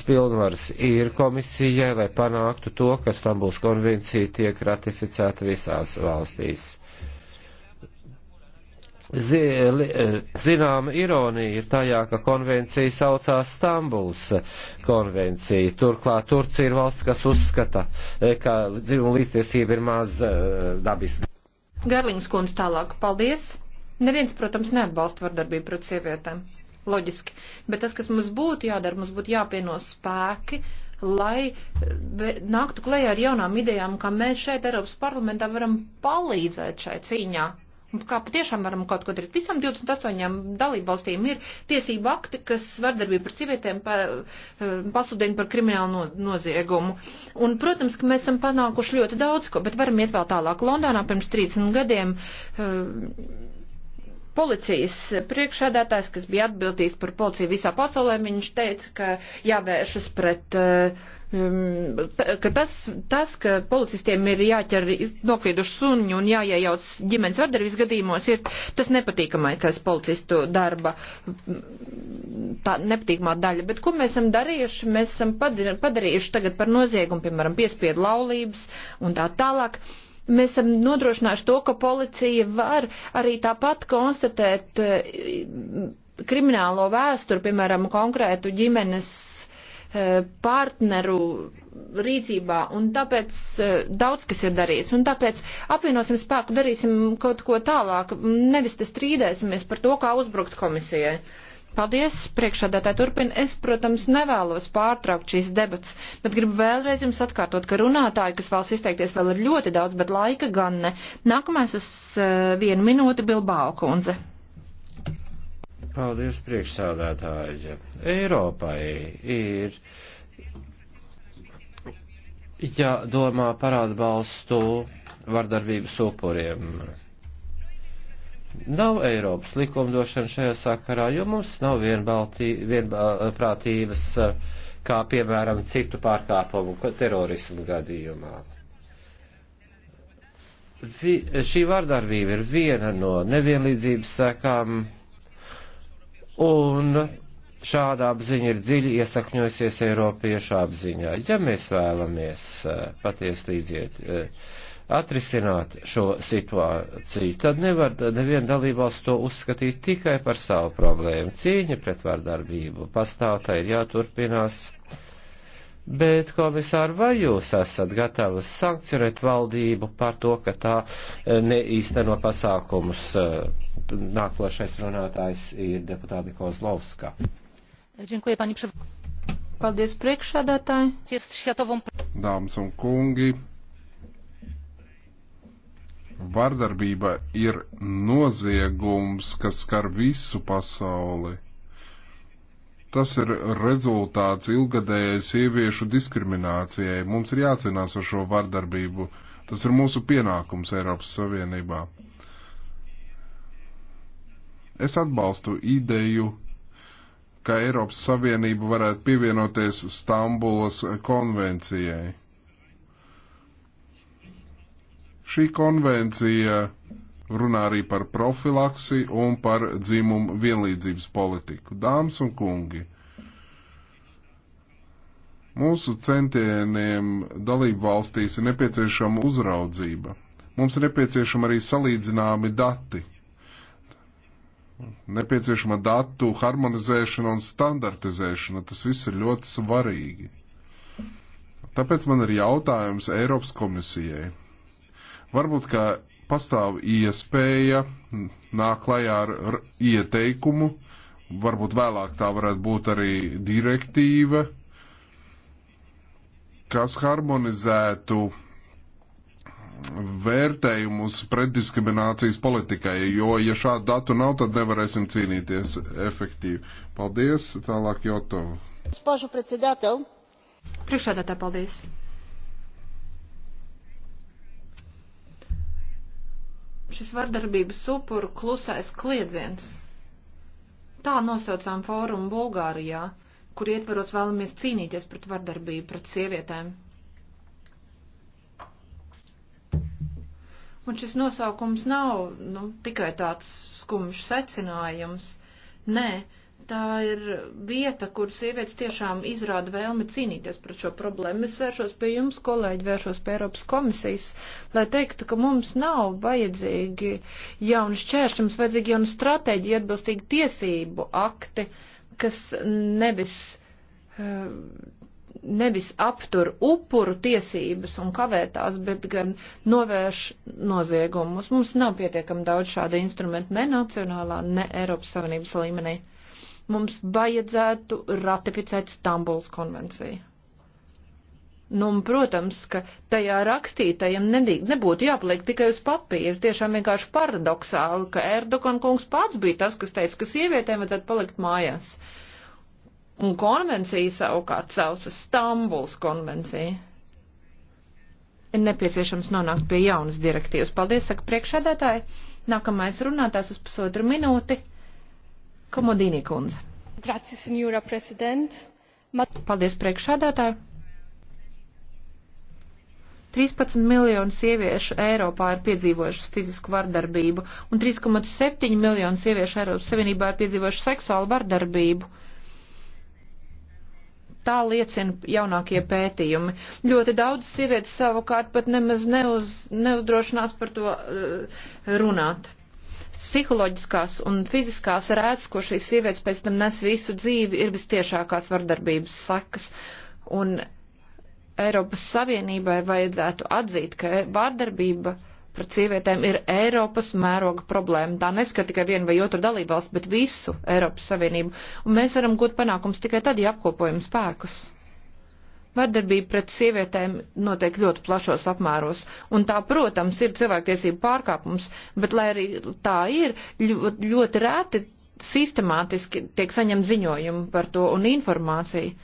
spilnvars ir komisijai, lai panāktu to, ka Stambuls konvencija tiek ratificēta visās valstīs. E, zināma ironija ir tajā, ka konvencija saucās Stambuls konvencija. Turklāt Turcija ir valsts, kas uzskata, e, ka dzimuma līdztiesība ir maz e, dabiska. Garlings kundze tālāk. Paldies! Neviens, protams, neatbalsta vardarbību pret sievietēm. Loģiski. Bet tas, kas mums būtu jādara, mums būtu jāpieno spēki, lai nāktu klējā ar jaunām idejām, kā mēs šeit Eiropas parlamentā varam palīdzēt šai cīņā kā patiešām varam kaut ko darīt. Visam 28 dalībvalstīm ir tiesība akti, kas vardarbību par sievietēm pa, eh, pasūdina par kriminālu no, noziegumu. Un, protams, ka mēs esam panākuši ļoti daudz ko, bet varam iet vēl tālāk. Londonā pirms 30 gadiem eh, policijas priekšādātājs, kas bija atbildīgs par policiju visā pasaulē, viņš teica, ka jāvēršas pret uh, Um, ka tas, tas, ka policistiem ir jāķer noklieduši suņi un jāiejauc ģimenes vardarbības gadījumos, ir tas nepatīkamākais policistu darba, tā nepatīkamā daļa. Bet ko mēs esam darījuši? Mēs esam padarījuši tagad par noziegumu, piemēram, piespiedu laulības un tā tālāk mēs esam nodrošinājuši to, ka policija var arī tāpat konstatēt eh, kriminālo vēsturi, piemēram, konkrētu ģimenes E, partneru rīcībā, un tāpēc e, daudz kas ir darīts, un tāpēc apvienosim spēku, darīsim kaut ko tālāk, nevis te strīdēsimies par to, kā uzbrukt komisijai. Paldies, priekšādātāji turpina. Es, protams, nevēlos pārtraukt šīs debats, bet gribu vēlreiz jums atkārtot, ka runātāji, kas vēlas izteikties, vēl ir ļoti daudz, bet laika gan ne. Nākamais uz e, vienu minūti Bilbao kundze. Paldies, priekšsādātāji. Eiropai ir jādomā ja par atbalstu vardarbības upuriem. Nav Eiropas likumdošana šajā sakarā, jo mums nav vienbaltī, vienprātības, kā piemēram citu pārkāpumu terorismu gadījumā. Vi, šī vardarbība ir viena no nevienlīdzības sekām Un šāda apziņa ir dziļi iesakņojusies Eiropiešu apziņā. Ja mēs vēlamies eh, patiesi līdziet eh, atrisināt šo situāciju, tad nevar neviena dalībvalsts to uzskatīt tikai par savu problēmu. Cīņa pret vārdarbību pastāv, tā ir jāturpinās. Bet, komisāri, vai jūs esat gatavi sankcionēt valdību par to, ka tā e, neīsteno pasākumus? E, nākošais runātājs ir deputāti Kozlovska. Paldies priekšādātāji. Dāmas un kungi, vardarbība ir noziegums, kas skar visu pasauli Tas ir rezultāts ilgadējai sieviešu diskriminācijai. Mums ir jācīnās ar šo vardarbību. Tas ir mūsu pienākums Eiropas Savienībā. Es atbalstu ideju, ka Eiropas Savienība varētu pievienoties Stambulas konvencijai. Šī konvencija runā arī par profilaksi un par dzimumu vienlīdzības politiku. Dāmas un kungi, mūsu centieniem dalību valstīs ir nepieciešama uzraudzība. Mums ir nepieciešama arī salīdzināmi dati. Nepieciešama datu harmonizēšana un standartizēšana. Tas viss ir ļoti svarīgi. Tāpēc man ir jautājums Eiropas komisijai. Varbūt, ka pastāv iespēja nāk klajā ar ieteikumu, varbūt vēlāk tā varētu būt arī direktīva, kas harmonizētu vērtējumus pretdiskriminācijas politikai, jo, ja šādu datu nav, tad nevarēsim cīnīties efektīvi. Paldies, tālāk Jotovu. Spāžu precedētavu. Priekšādātā, paldies. šis vardarbības upuru klusais kliedziens. Tā nosaucām fórumu Bulgārijā, kur ietveros vēlamies cīnīties pret vardarbību pret sievietēm. Un šis nosaukums nav nu, tikai tāds skumjš secinājums. Nē, tā ir vieta, kur sievietes tiešām izrāda vēlmi cīnīties pret šo problēmu. Es vēršos pie jums, kolēģi, vēršos pie Eiropas komisijas, lai teiktu, ka mums nav vajadzīgi jauni šķēršļi, mums vajadzīgi jauna stratēģija, atbilstīgi tiesību akti, kas nevis. Eh, nevis aptur upuru tiesības un kavētās, bet gan novērš noziegumus. Mums nav pietiekami daudz šāda instrumenta ne nacionālā, ne Eiropas Savienības līmenī mums vajadzētu ratificēt Stambuls konvenciju. Nu, un, protams, ka tajā rakstītajam nebūtu jāpaliek tikai uz papīra. Tiešām vienkārši paradoxāli, ka Erdogan kungs pats bija tas, kas teica, ka sievietēm vajadzētu palikt mājās. Un konvencija savukārt saucas Stambuls konvencija. Ir nepieciešams nonākt pie jaunas direktīvas. Paldies, saka priekšsēdētāji. Nākamais runātājs uz pusotru minūti. Komodīnī kundze. Grazie, signora prezident. Mat... Paldies, priekšādātāji. 13 miljonu sieviešu Eiropā ir piedzīvojušas fizisku vardarbību, un 3,7 miljonu sieviešu Eiropas Savienībā ir piedzīvojušas seksuālu vardarbību. Tā liecina jaunākie pētījumi. Ļoti daudz sievietes savukārt pat nemaz neuz, neuzdrošinās par to uh, runāt psiholoģiskās un fiziskās rētas, ko šīs sievietes pēc tam nes visu dzīvi, ir vistiešākās vardarbības sekas. Un Eiropas Savienībai vajadzētu atzīt, ka vārdarbība pret sievietēm ir Eiropas mēroga problēma. Tā neskat tikai vienu vai otru dalībvalstu, bet visu Eiropas Savienību. Un mēs varam gūt panākums tikai tad, ja apkopojam spēkus. Vardarbība pret sievietēm notiek ļoti plašos apmēros, un tā, protams, ir cilvēktiesība pārkāpums, bet, lai arī tā ir, ļoti rēti sistemātiski tiek saņemt ziņojumi par to un informāciju.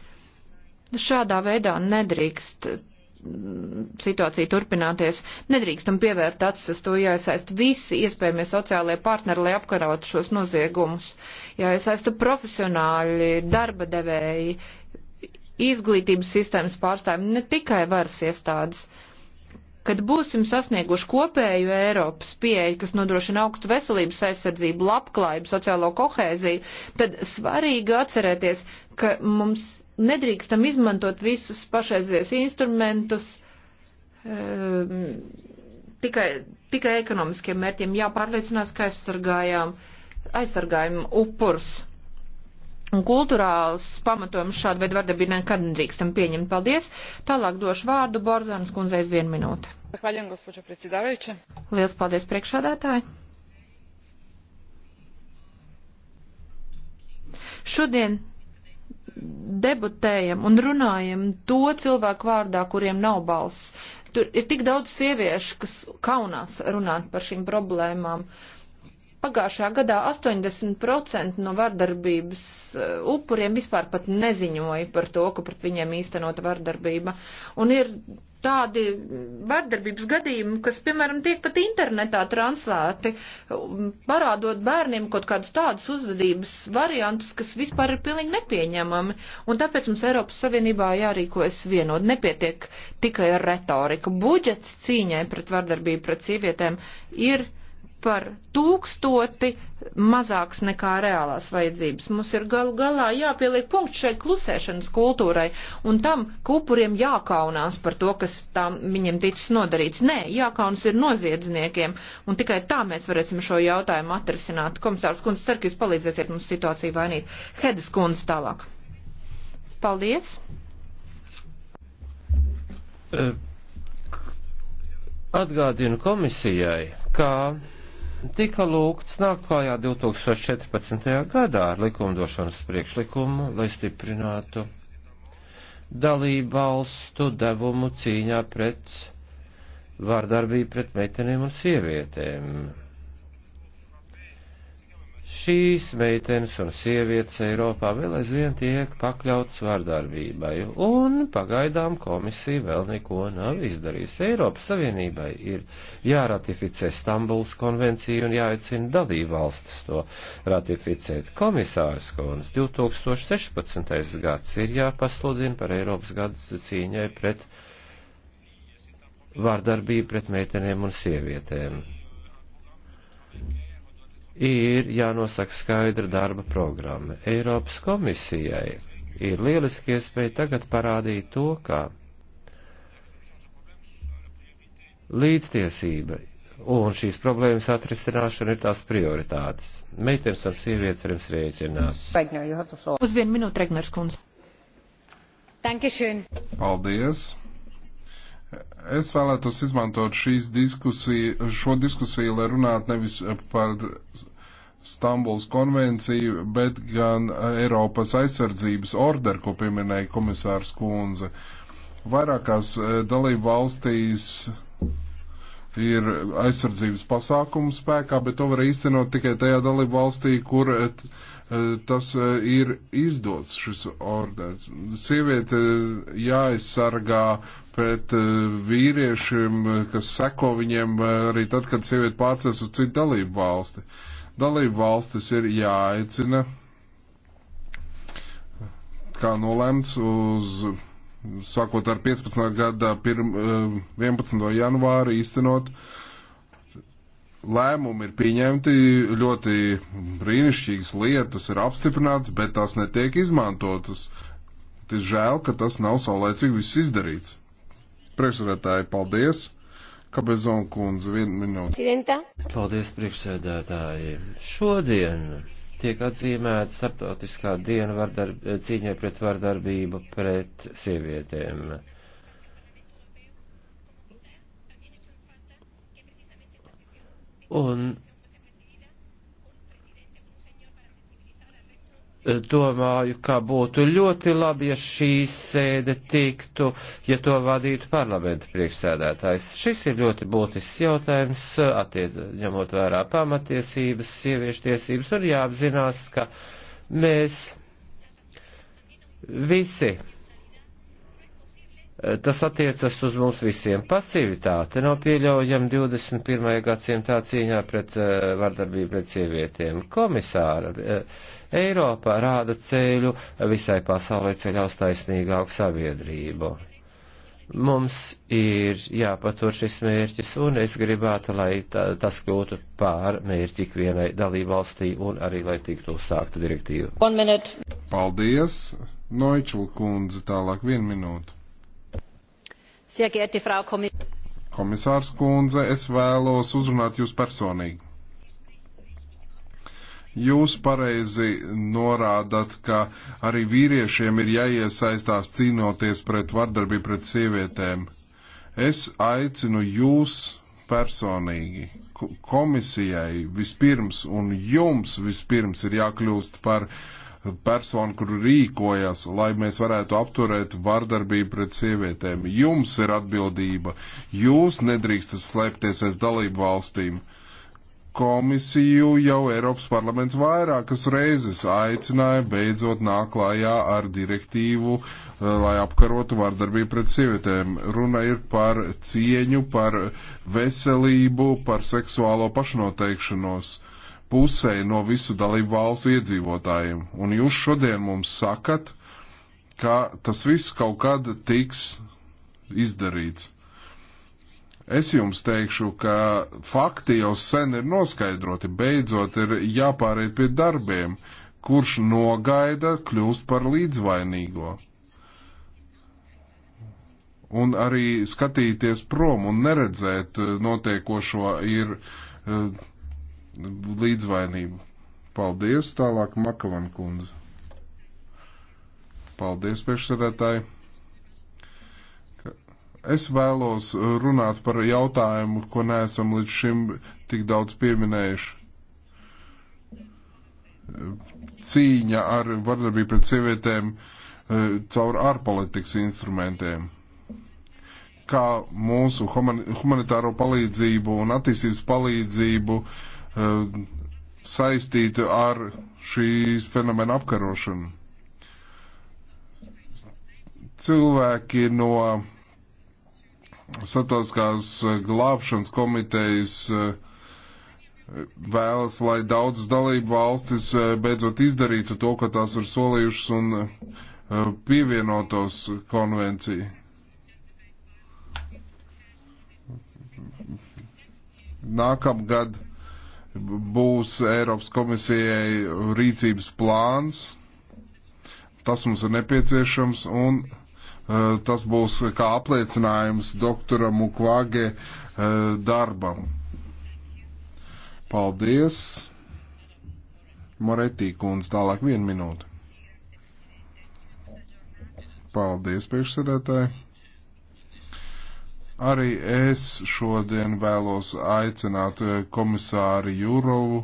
Šādā veidā nedrīkst mm, situācija turpināties. Nedrīkstam pievērt acis uz to, jāiesaist visi iespējamie sociālie partneri, lai apkarotu šos noziegumus. Jāiesaista profesionāļi, darba devēji, izglītības sistēmas pārstāvjiem, ne tikai varas iestādes. Kad būsim sasnieguši kopēju Eiropas pieeju, kas nodrošina augstu veselības aizsardzību, labklājību, sociālo kohēziju, tad svarīgi atcerēties, ka mums nedrīkstam izmantot visus pašreizies instrumentus um, tikai, tikai ekonomiskiem mērķiem. Jāpārliecinās, ka aizsargājām, aizsargājam upurs un kultūrāls pamatojums šādu veidu vardarbību nekad nedrīkstam pieņemt. Paldies. Tālāk došu vārdu Borzanas kundzei uz vienu minūti. Lielas paldies priekšādātāji. Šodien debatējam un runājam to cilvēku vārdā, kuriem nav balss. Tur ir tik daudz sieviešu, kas kaunās runāt par šīm problēmām. Uh, Pagājušajā gadā 80% no vardarbības eh, upuriem vispār pat neziņoja par to, ka pret viņiem īstenota vardarbība. Un ir tādi vardarbības gadījumi, kas, piemēram, tiek pat internetā translēti, um, parādot bērniem kaut kādus tādus uzvedības variantus, kas vispār ir pilnīgi nepieņemami. Un tāpēc mums Eiropas Savienībā jārīkojas vienot. Nepietiek tikai ar retoriku. Budžets cīņai pret vardarbību pret sievietēm ir par tūkstoti mazāks nekā reālās vajadzības. Mums ir galu galā jāpieliek punkts šai klusēšanas kultūrai un tam, ka upuriem jākaunās par to, kas tām viņiem ticis nodarīts. Nē, jākaunas ir noziedzniekiem un tikai tā mēs varēsim šo jautājumu atrisināt. Komisārs Kundze, ceru, ka jūs palīdzēsiet mums situāciju vainīt. Hedas Kundze tālāk. Paldies. Atgādinu komisijai, ka tika lūgts nākt klājā 2014. gadā ar likumdošanas priekšlikumu, lai stiprinātu dalību valstu devumu cīņā pret vārdarbību pret meitenēm un sievietēm šīs meitenes un sievietes Eiropā vēl aizvien tiek pakļauts vardarbībai, un pagaidām komisija vēl neko nav izdarījusi. Eiropas Savienībai ir jāratificē Stambuls konvenciju un jāicina dalībvalstis to ratificēt. Komisārs Konas 2016. gads ir jāpasludina par Eiropas gadu cīņai pret vārdarbību pret meitenēm un sievietēm ir jānosaka skaidra darba programma. Eiropas komisijai ir lieliski iespēja tagad parādīt to, ka līdztiesība un šīs problēmas atrisināšana ir tās prioritātes. Meitenes un sievietes ar jums rēķinās. Uz vienu minūtu, Regners kundze. Paldies! Es vēlētos izmantot šīs diskusiju, šo diskusiju, lai runātu nevis par Stambuls konvenciju, bet gan Eiropas aizsardzības orderu, ko pieminēja komisārs Kunze. Vairākās e, dalību valstīs ir aizsardzības pasākumu spēkā, bet to var īstenot tikai tajā dalību valstī, kur e, Eh, tas eh, ir izdots šis ordens. Sieviete eh, jāaizsargā pret vīriešiem, kas seko viņiem arī tad, kad sieviete pārcēs uz citu dalību valsti. Dalību valstis ir jāaicina, kā nolēmts, uz, sākot ar 15. gada pirm, 11. janvāru īstenot uh, lēmumi ir pieņemti, ļoti brīnišķīgas lietas ir apstiprinātas, bet tās netiek izmantotas. Tas žēl, ka tas nav saulēcīgi viss izdarīts. Priekšsēdētāji, paldies! Kabezon kundze, viena minūte. Paldies, priekšsēdētāji! Šodien tiek atzīmēta starptautiskā diena cīņai pret vardarbību pret sievietēm. un eh, domāju, ka būtu ļoti labi, ja šī sēde tiktu, ja to vadītu parlamenta priekšsēdētājs. Šis ir ļoti būtisks jautājums, eh, attiec, ņemot vērā pamatiesības, sieviešu tiesības, un jāapzinās, ka mēs visi Eh, tas attiecas uz mums visiem. Pasivitāte nav pieļaujama 21. gadsimtā cīņā pret eh, vardarbību pret sievietēm. Komisāra eh, Eiropa rāda ceļu visai pasaulē ceļā uz taisnīgāku sabiedrību. Mums ir jāpatur šis mērķis, un es gribētu, lai tā, tas kļūtu pār mērķi ikvienai dalībvalstī, un arī, lai tiktu uzsākta direktīva. Paldies, Noičulkundze, tālāk vienu minūtu. Sehr geehrte Frau Kommissarin. Komisārs Kunze, es vēlos uzrunāt jūs personīgi. Jūs pareizi norādat, ka arī vīriešiem ir jāiesaistās cīnoties pret vardarbību pret sievietēm. Es aicinu jūs personīgi, komisijai vispirms un jums vispirms ir jākļūst par uh, persona, kur rīkojas, lai mēs varētu apturēt vardarbību pret sievietēm. Jums ir atbildība. Jūs nedrīkstat slēpties aiz dalību valstīm. Komisiju jau Eiropas parlaments vairākas reizes aicināja beidzot nāklājā ar direktīvu, eh, lai apkarotu vardarbību pret sievietēm. Runa ir par cieņu, par veselību, par seksuālo pašnoteikšanos. Uh, pusē no visu dalību valstu iedzīvotājiem. Un jūs šodien mums sakat, ka tas viss kaut kad tiks izdarīts. Es jums teikšu, ka fakti jau sen ir noskaidroti, beidzot ir jāpāriet pie darbiem, kurš nogaida kļūst par līdzvainīgo. Un arī skatīties prom un neredzēt eh, notiekošo ir uh, līdzvainību. Paldies, tālāk Makavan kundze. Paldies, priekšsarētāji. Es vēlos runāt par jautājumu, ko neesam līdz šim tik daudz pieminējuši. Cīņa ar vardarbību pret sievietēm e, caur ārpolitikas instrumentiem kā mūsu humanitāro palīdzību un attīstības palīdzību uh, Eh, saistītu ar šī fenomena apkarošanu. Cilvēki no starptautiskās glābšanas komitejas eh, vēlas, lai daudzas dalību valstis eh, beidzot izdarītu to, ko tās ir solījušas un pievienotos konvencijai. Nākamgad būs Eiropas komisijai rīcības plāns, tas mums ir nepieciešams, un uh, tas būs kā apliecinājums doktora Mukvāge uh, e, darbam. Paldies! Moretī kundze tālāk vienu minūtu. Paldies, priekšsēdētāji! Arī es šodien vēlos aicināt eh, komisāri Jurovu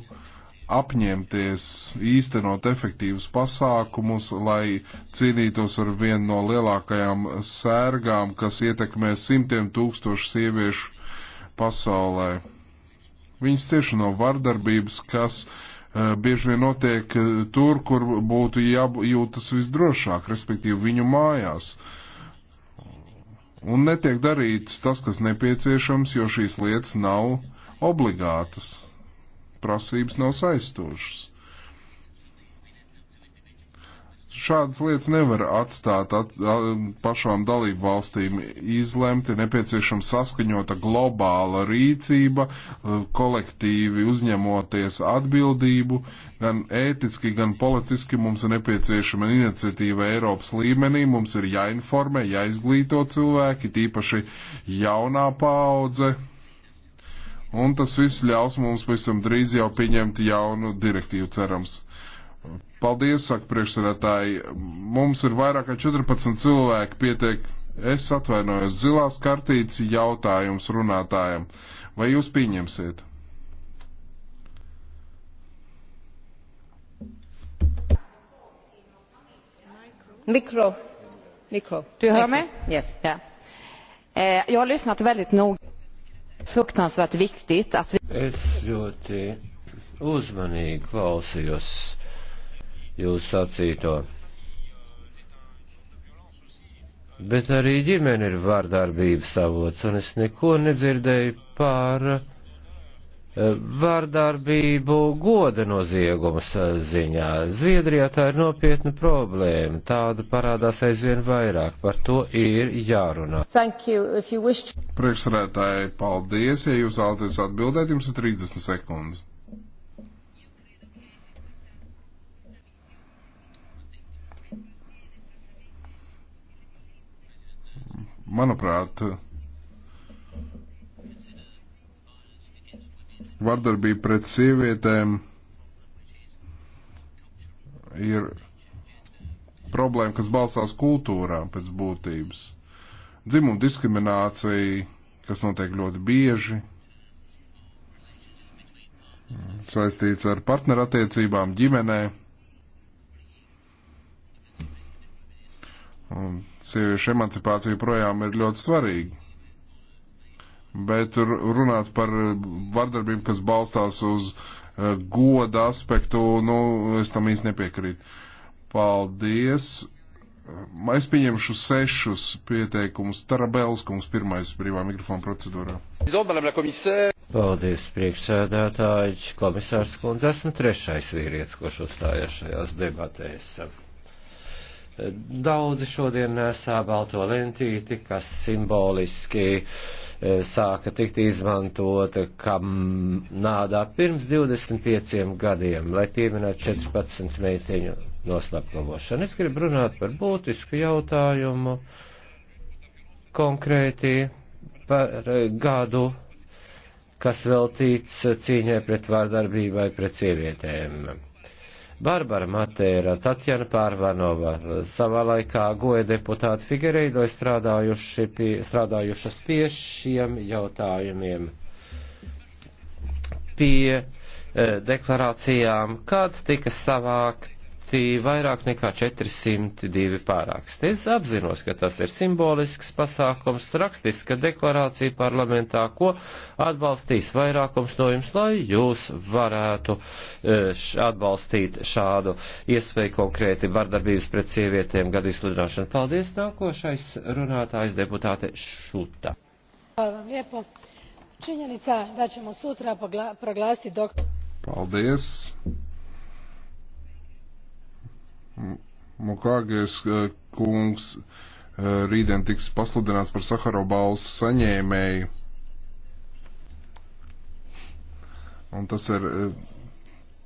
apņemties īstenot efektīvus pasākumus, lai cīnītos ar vienu no lielākajām sērgām, kas ietekmē simtiem tūkstošu sieviešu pasaulē. Viņas cieši no vardarbības, kas uh, bieži vien notiek eh, tur, kur būtu jābūtas visdrošāk, respektīvi viņu mājās. Uh, Un netiek darīts tas, kas nepieciešams, jo šīs lietas nav obligātas. Prasības nav saistošas. Šādas lietas nevar atstāt at, at, pašām dalību valstīm izlemt. Ir nepieciešama saskaņota globāla rīcība, kolektīvi uzņemoties atbildību. Gan ētiski, gan politiski mums ir nepieciešama iniciatīva Eiropas līmenī. Mums ir jāinformē, jāizglīto cilvēki, tīpaši jaunā paudze. Un tas viss ļaus mums pavisam drīz jau pieņemt jaunu direktīvu, cerams. Paldies, saka priekšsēdētāji. Mums ir vairāk kā 14 cilvēki pietiek. Es atvainojos. Zilās kartītes jautājums runātājam. Vai jūs pieņemsiet? Mikro. Mikro. Du hör mig? Yes. Ja. Eh, jag har lyssnat väldigt noga. Fruktansvärt viktigt att vi... Es ļoti uzmanīgi klausījos jūs sacīto. Bet arī ģimene ir vārdarbības avots, un es neko nedzirdēju par eh, vārdarbību goda noziegums eh, ziņā. Zviedrijā tā ir nopietna problēma, tāda parādās aizvien vairāk, par to ir jārunā. Wish... Priekšsarētāji, paldies, ja jūs vēlaties atbildēt, jums ir 30 sekundes. Manuprāt, vardarbība pret sievietēm ir problēma, kas balstās kultūrā pēc būtības. Dzimuma diskriminācija, kas notiek ļoti bieži, saistīts ar partnerattiecībām ģimenei. Un sieviešu emancipācija projām ir ļoti svarīga. Bet runāt par eh, vardarbību, kas balstās uz eh, goda aspektu, nu, es tam īsti nepiekrītu. Paldies! Es pieņemšu sešus pieteikumus. Tarabelskums pirmais brīvā mikrofona procedūrā. Paldies, priekšsēdētāji, komisārs kundze. Esmu trešais vīrietis, kurš uzstājās šajās debatēs. Daudzi šodien nesā eh, balto lentīti, kas simboliski eh, sāka tikt izmantota kam nādā pirms 25 gadiem, lai pieminētu 14 meiteņu noslapkavošanu. Es gribu runāt par būtisku jautājumu konkrēti par eh, gadu, kas veltīts cīņai pret vārdarbībai pret sievietēm Barbara Matēra, Tatjana Pārvanova, savā laikā goja deputāti Figereido strādājuši pie, strādājušas pie šiem jautājumiem. Pie eh, deklarācijām, kāds tika savākt saņemti vairāk nekā 402 pārāksti. Es apzinos, ka tas ir simbolisks pasākums, rakstiska deklarācija parlamentā, ko atbalstīs vairākums no jums, lai jūs varētu e, atbalstīt šādu iespēju konkrēti vardarbības pret sievietēm gadu izsludināšanu. Paldies, nākošais runātājs deputāte Šuta. Hvala vam lijepo. Činjenica da ćemo sutra proglasiti doktor. Paldies. Mukāgies eh, kungs eh, rītdien tiks pasludināts par Sakaro balvas saņēmēju. Un tas ir eh,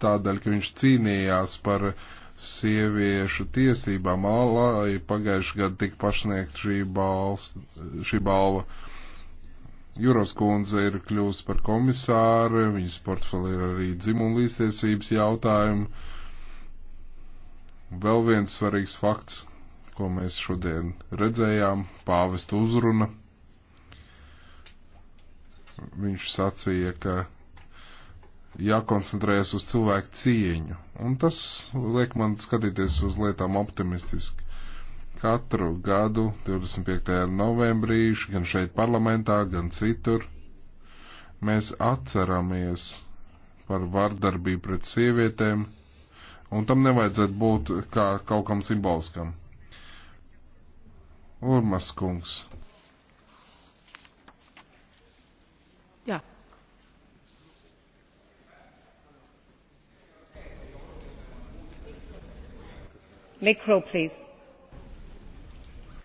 tādēļ, ka viņš cīnījās par sieviešu tiesībām Alai. Pagājuši gadu tika pašniegt šī, balvs, šī balva. Juros kundze ir kļūst par komisāru, viņas portfeli ir arī dzimumlīstiesības jautājumi Vēl viens svarīgs fakts, ko mēs šodien redzējām, pāvesta uzruna. Viņš sacīja, ka jākoncentrējas uz cilvēku cieņu, un tas liek man skatīties uz lietām optimistiski. Katru gadu 25. novembrī, gan šeit parlamentā, gan citur, mēs atceramies par vardarbību pret sievietēm, Un tam nevajadzētu būt kā kaut kam simboliskam. Urmas kungs. Jā. Mikro, please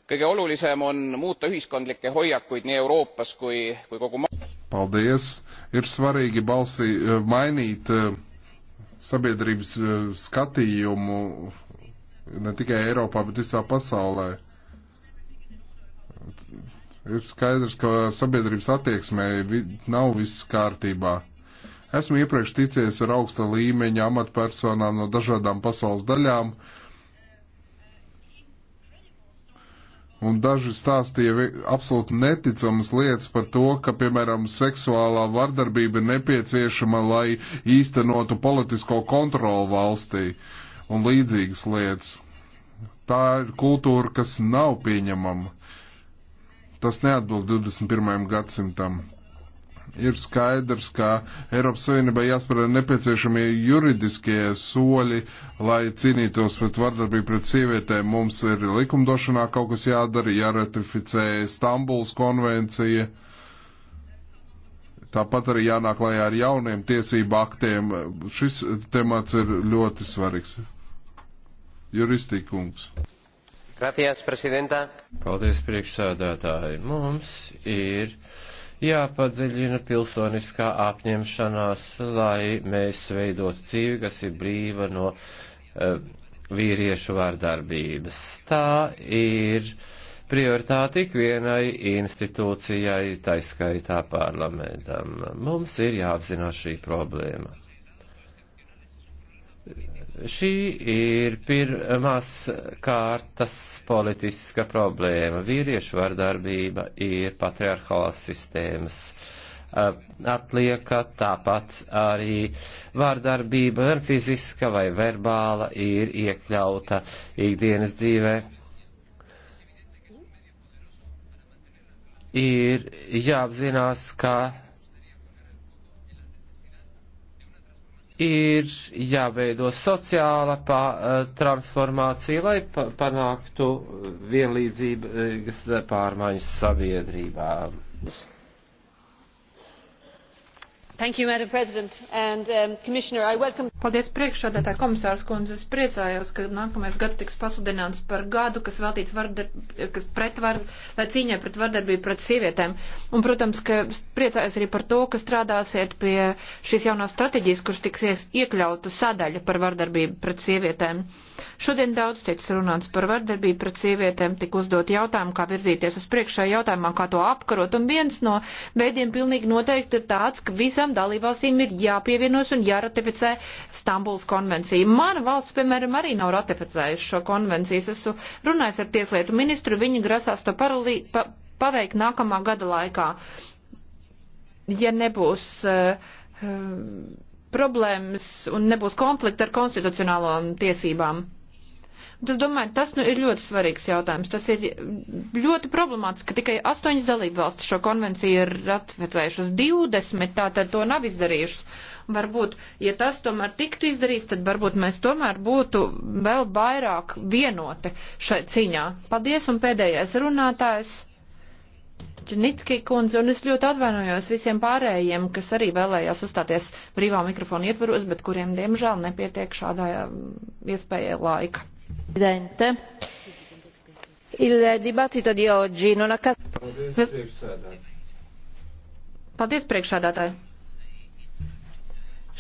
kõige olulisem on muuta ühiskondlikke hoiakuid nii euroopas kui kogu maailmas. paldies ir svarīgi balsi eh, mainīt eh, sabiedrības eh, skatījumu ne tikai Eiropā, bet visā pasaulē. Ir skaidrs, ka sabiedrības attieksmē nav viss kārtībā. Esmu iepriekš ticies ar augsta līmeņa amatpersonām no dažādām pasaules daļām, uh, Un daži stāstīja absolūti neticamas lietas par to, ka, piemēram, seksuālā vardarbība ir nepieciešama, lai īstenotu politisko kontroli valstī un līdzīgas lietas. Tā ir kultūra, kas nav pieņemama. Tas neatbilst 21. gadsimtam ir skaidrs, ka Eiropas Savienībai jāspēr nepieciešamie juridiskie soļi, lai cīnītos pret vardarbību pret sievietēm. Mums ir likumdošanā kaut kas jādara, jāratificē Stambuls konvencija. Tāpat arī jānāk lajā ar jauniem tiesību aktiem. Šis temats ir ļoti svarīgs. Juristī kungs. Gracias, presidenta. Paldies, priekšsēdētāji. Mums ir jāpadziļina pilsoniskā apņemšanās, lai mēs veidotu dzīvi, kas ir brīva no uh, vīriešu vārdarbības. Tā ir prioritāte ikvienai institūcijai, taiskaitā parlamentam. Mums ir jāapzinās šī problēma. Šī ir pirmās kārtas politiska problēma. Vīriešu vardarbība ir patriarchālās sistēmas eh, atlieka, tāpat arī vārdarbība, gan fiziska vai verbāla, ir iekļauta ikdienas dzīvē. Ir jāapzinās, ka ir jāveido sociāla pa, e, transformācija, lai pa, panāktu vienlīdzības e, pārmaiņas sabiedrībā. Yes. You, um, welcome... Paldies priekšādātā komisārs kundze. Es priecājos, ka nākamais gads tiks pasludināts par gadu, kas veltīts vardar, kas pretvar, lai cīņai pret vardarbību pret sievietēm. Un, protams, ka priecājos arī par to, ka strādāsiet pie šīs jaunās strateģijas, kuras tiks iekļauta sadaļa par vardarbību pret sievietēm. Uh, Šodien daudz ticis runāts par vardarbību pret sievietēm, tik uzdot jautājumu, kā virzīties uz priekšā jautājumā, kā to apkarot. Un viens no veidiem pilnīgi noteikti ir tāds, ka visām dalībvalstīm ir jāpievienos un jāratificē Stambuls konvencija. Mana valsts, piemēram, arī nav ratificējusi šo konvenciju. Es esmu runājis ar tieslietu ministru, viņi grasās to paralī, pa, paveikt nākamā gada laikā. Ja nebūs uh, uh, problēmas un nebūs konflikta ar konstitucionālām tiesībām. Es domāju, tas nu, ir ļoti svarīgs jautājums. Tas ir ļoti problemātiski, ka tikai astoņas dalību valstis šo konvenciju ir ratificējušas 20, tātad to nav izdarījušas. Varbūt, ja tas tomēr tiktu izdarīts, tad varbūt mēs tomēr būtu vēl vairāk vienoti šai ciņā. Paldies un pēdējais runātājs. Černitski kundze, un es ļoti atvainojos visiem pārējiem, kas arī vēlējās uzstāties brīvā mikrofona ietvaros, bet kuriem, diemžēl, nepietiek šādā mm, iespēja laika. Presidente. Il dibattito di oggi non a caso. Paldies, priekšsēdētāji. Paldies, priekšsēdētāji.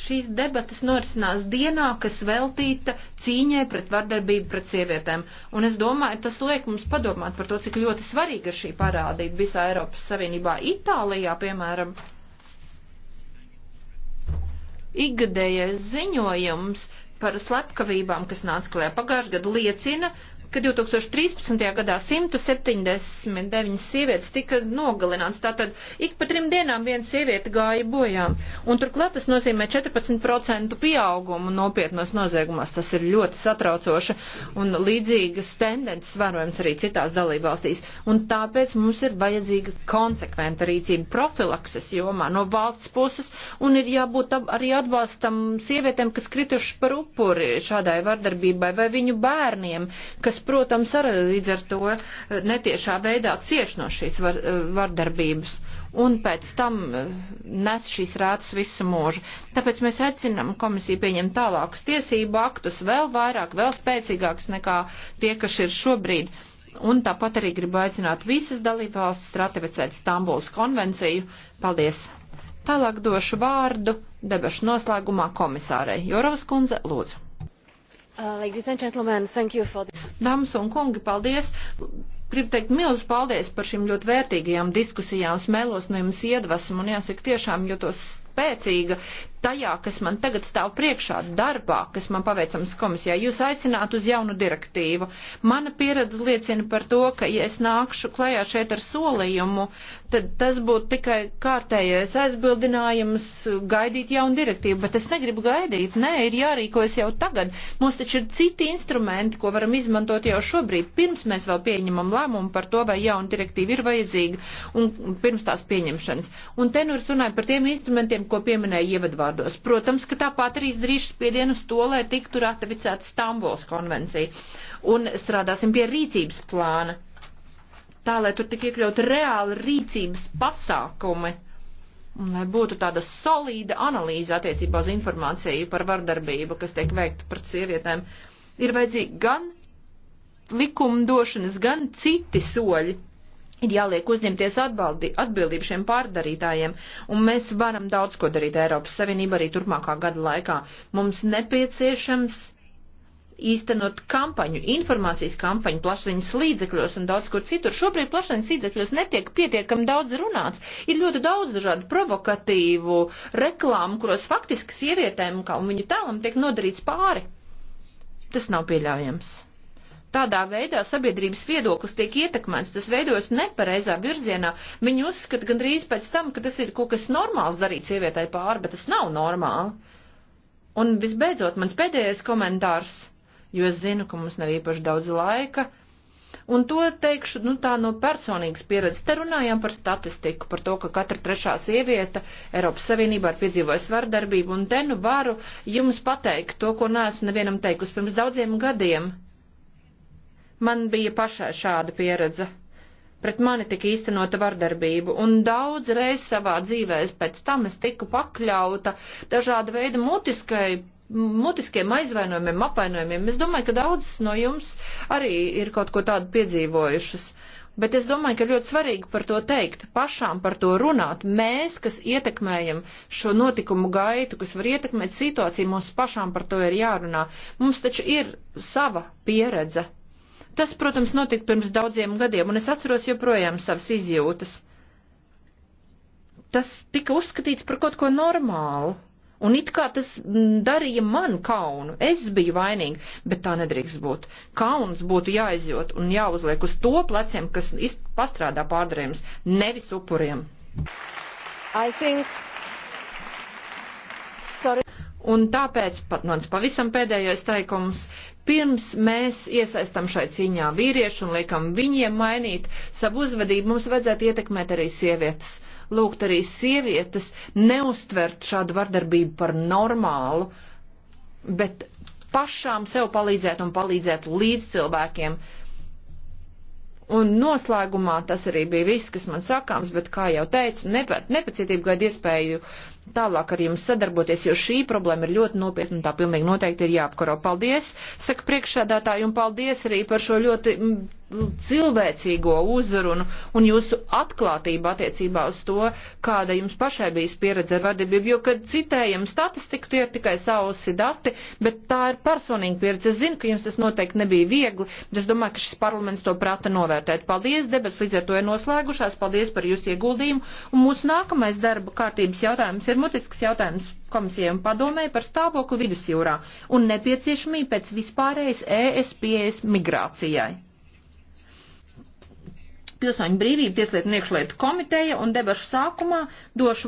Šīs debatas norisinās dienā, kas veltīta cīņai pret vardarbību pret sievietēm. Un es domāju, tas liek mums padomāt par to, cik ļoti svarīga ir šī parādība visā Eiropas Savienībā. Itālijā, piemēram, ikgadējais ziņojums par slepkavībām, kas nāca klajā pagājušajā gadu, liecina ka 2013. gadā 179 sievietes tika nogalināts. Tātad ik pa trim dienām viena sieviete gāja bojām. Un turklāt tas nozīmē 14% pieaugumu nopietnos noziegumos. Tas ir ļoti satraucoši un līdzīgas tendences vērojams arī citās dalībvalstīs. Un tāpēc mums ir vajadzīga konsekventa rīcība profilakses jomā no valsts puses un ir jābūt arī atbalstam sievietēm, kas krituši par upuri šādai vardarbībai vai viņu bērniem, kas kas, protams, arī līdz ar to eh, netiešā veidā cieš no šīs var, eh, vardarbības un pēc tam eh, nes šīs rētas visu mūžu. Tāpēc mēs aicinām komisiju pieņemt tālākus tiesību aktus, vēl vairāk, vēl spēcīgākus nekā tie, kas ir šobrīd. Un tāpat arī gribu aicināt visas dalībvalstis ratificēt Stambuls konvenciju. Paldies! Tālāk došu vārdu debašu noslēgumā komisārai Jorovskundze, lūdzu. Uh, Dāmas un kungi, paldies! Gribu teikt milzu paldies par šīm ļoti vērtīgajām diskusijām, smēlos no jums iedvesmu un jāsaka tiešām jūtos spēcīga tajā, kas man tagad stāv priekšā darbā, kas man paveicams komisijā. Jūs aicināt uz jaunu direktīvu. Mana pieredze liecina par to, ka ja es nākšu klajā šeit ar solījumu, tad tas būtu tikai kārtējais aizbildinājums gaidīt jaunu direktīvu, bet es negribu gaidīt. Nē, ir jārīkojas jau tagad. Mums taču ir citi instrumenti, ko varam izmantot jau šobrīd, pirms mēs vēl pieņemam lēmumu par to, vai jauna direktīva ir vajadzīga un pirms tās pieņemšanas. Un te nu es runāju par tiem instrumentiem, attiecību, ko pieminēja ievadvārdos. Protams, ka tāpat arī izdarīšu spiedienu uz to, lai tiktu ratificēta Stambuls konvencija. Un strādāsim pie rīcības plāna. Tā, lai tur tik iekļaut reāli rīcības pasākumi. Un lai būtu tāda solīda analīze attiecībā uz informāciju par vardarbību, kas tiek veikta pret sievietēm, ir vajadzīgi gan likumdošanas, gan citi soļi, ir jāliek uzņemties atbaldi, atbildību šiem pārdarītājiem, un mēs varam daudz ko darīt Eiropas Savienība arī turpmākā gada laikā. Mums nepieciešams īstenot kampaņu, informācijas kampaņu plašsaziņas līdzekļos un daudz kur citur. Šobrīd plašsaziņas līdzekļos netiek pietiekami daudz runāts. Ir ļoti daudz dažādu provokatīvu reklāmu, kuros faktiski sievietēm un viņu tēlam tiek nodarīts pāri. Tas nav pieļaujams. Tādā veidā sabiedrības viedoklis tiek ietekmēts, tas veidojas nepareizā virzienā. Viņi uzskata gandrīz pēc tam, ka tas ir kaut kas normāls darīt sievietai pāri, bet tas nav normāli. Un visbeidzot, mans pēdējais komentārs, jo es zinu, ka mums nav īpaši daudz laika, un to teikšu, nu tā no personīgas pieredzes. Te runājām par statistiku, par to, ka katra trešā sievieta Eiropas Savienībā ir piedzīvojusi vardarbību, un te nu varu jums pateikt to, ko neesmu nevienam teikusi pirms daudziem gadiem. Man bija pašai šāda pieredze. Pret mani tika īstenota vardarbība, un daudz reiz savā dzīvē pēc tam es tiku pakļauta dažāda veida mutiskai, mutiskiem aizvainojumiem, apvainojumiem. Es domāju, ka daudzas no jums arī ir kaut ko tādu piedzīvojušas. Bet es domāju, ka ļoti svarīgi par to teikt, pašām par to runāt. Mēs, kas ietekmējam šo notikumu gaitu, kas var ietekmēt situāciju, mums pašām par to ir jārunā. Mums taču ir sava pieredze, Tas, protams, notika pirms daudziem gadiem, un es atceros joprojām savas izjūtas. Tas tika uzskatīts par kaut ko normālu, un it kā tas darīja man kaunu. Es biju vainīga, bet tā nedrīkst būt. Kauns būtu jāizjūt un jāuzliek uz to pleciem, kas pastrādā pārdarījums, nevis upuriem. I think... Sorry. Un tāpēc pat mans pavisam pēdējais teikums Pirms mēs iesaistam šai cīņā vīriešu un liekam viņiem mainīt savu uzvedību, mums vajadzētu ietekmēt arī sievietes. Lūgt arī sievietes neustvert šādu vardarbību par normālu, bet pašām sev palīdzēt un palīdzēt līdz cilvēkiem, Un noslēgumā tas arī bija viss, kas man sakāms, bet, kā jau teicu, nepa, nepacietību gaidu iespēju tālāk ar jums sadarboties, jo šī problēma ir ļoti nopietna un tā pilnīgi noteikti ir jāapkaro. Paldies, saka priekšsēdētāji, un paldies arī par šo ļoti mm, cilvēcīgo uzrunu un jūsu atklātību attiecībā uz to, kāda jums pašai bijis pieredze ar vardarbību, jo, kad citējam statistiku, tie ir tikai sausi dati, bet tā ir personīga pieredze. Es zinu, ka jums tas noteikti nebija viegli, bet es domāju, ka šis parlaments to prata novērtēt. Paldies, debes līdz ar to ir noslēgušās, paldies par jūsu ieguldījumu, un mūsu nākamais darba kārtības jautājums ir mutisks jautājums komisijai un padomēji par stāvokli vidusjūrā un nepieciešamību pēc vispārējas ESPS migrācijai. Pilsoņu brīvību tieslietu un iekšlietu komiteja un debašu sākumā došu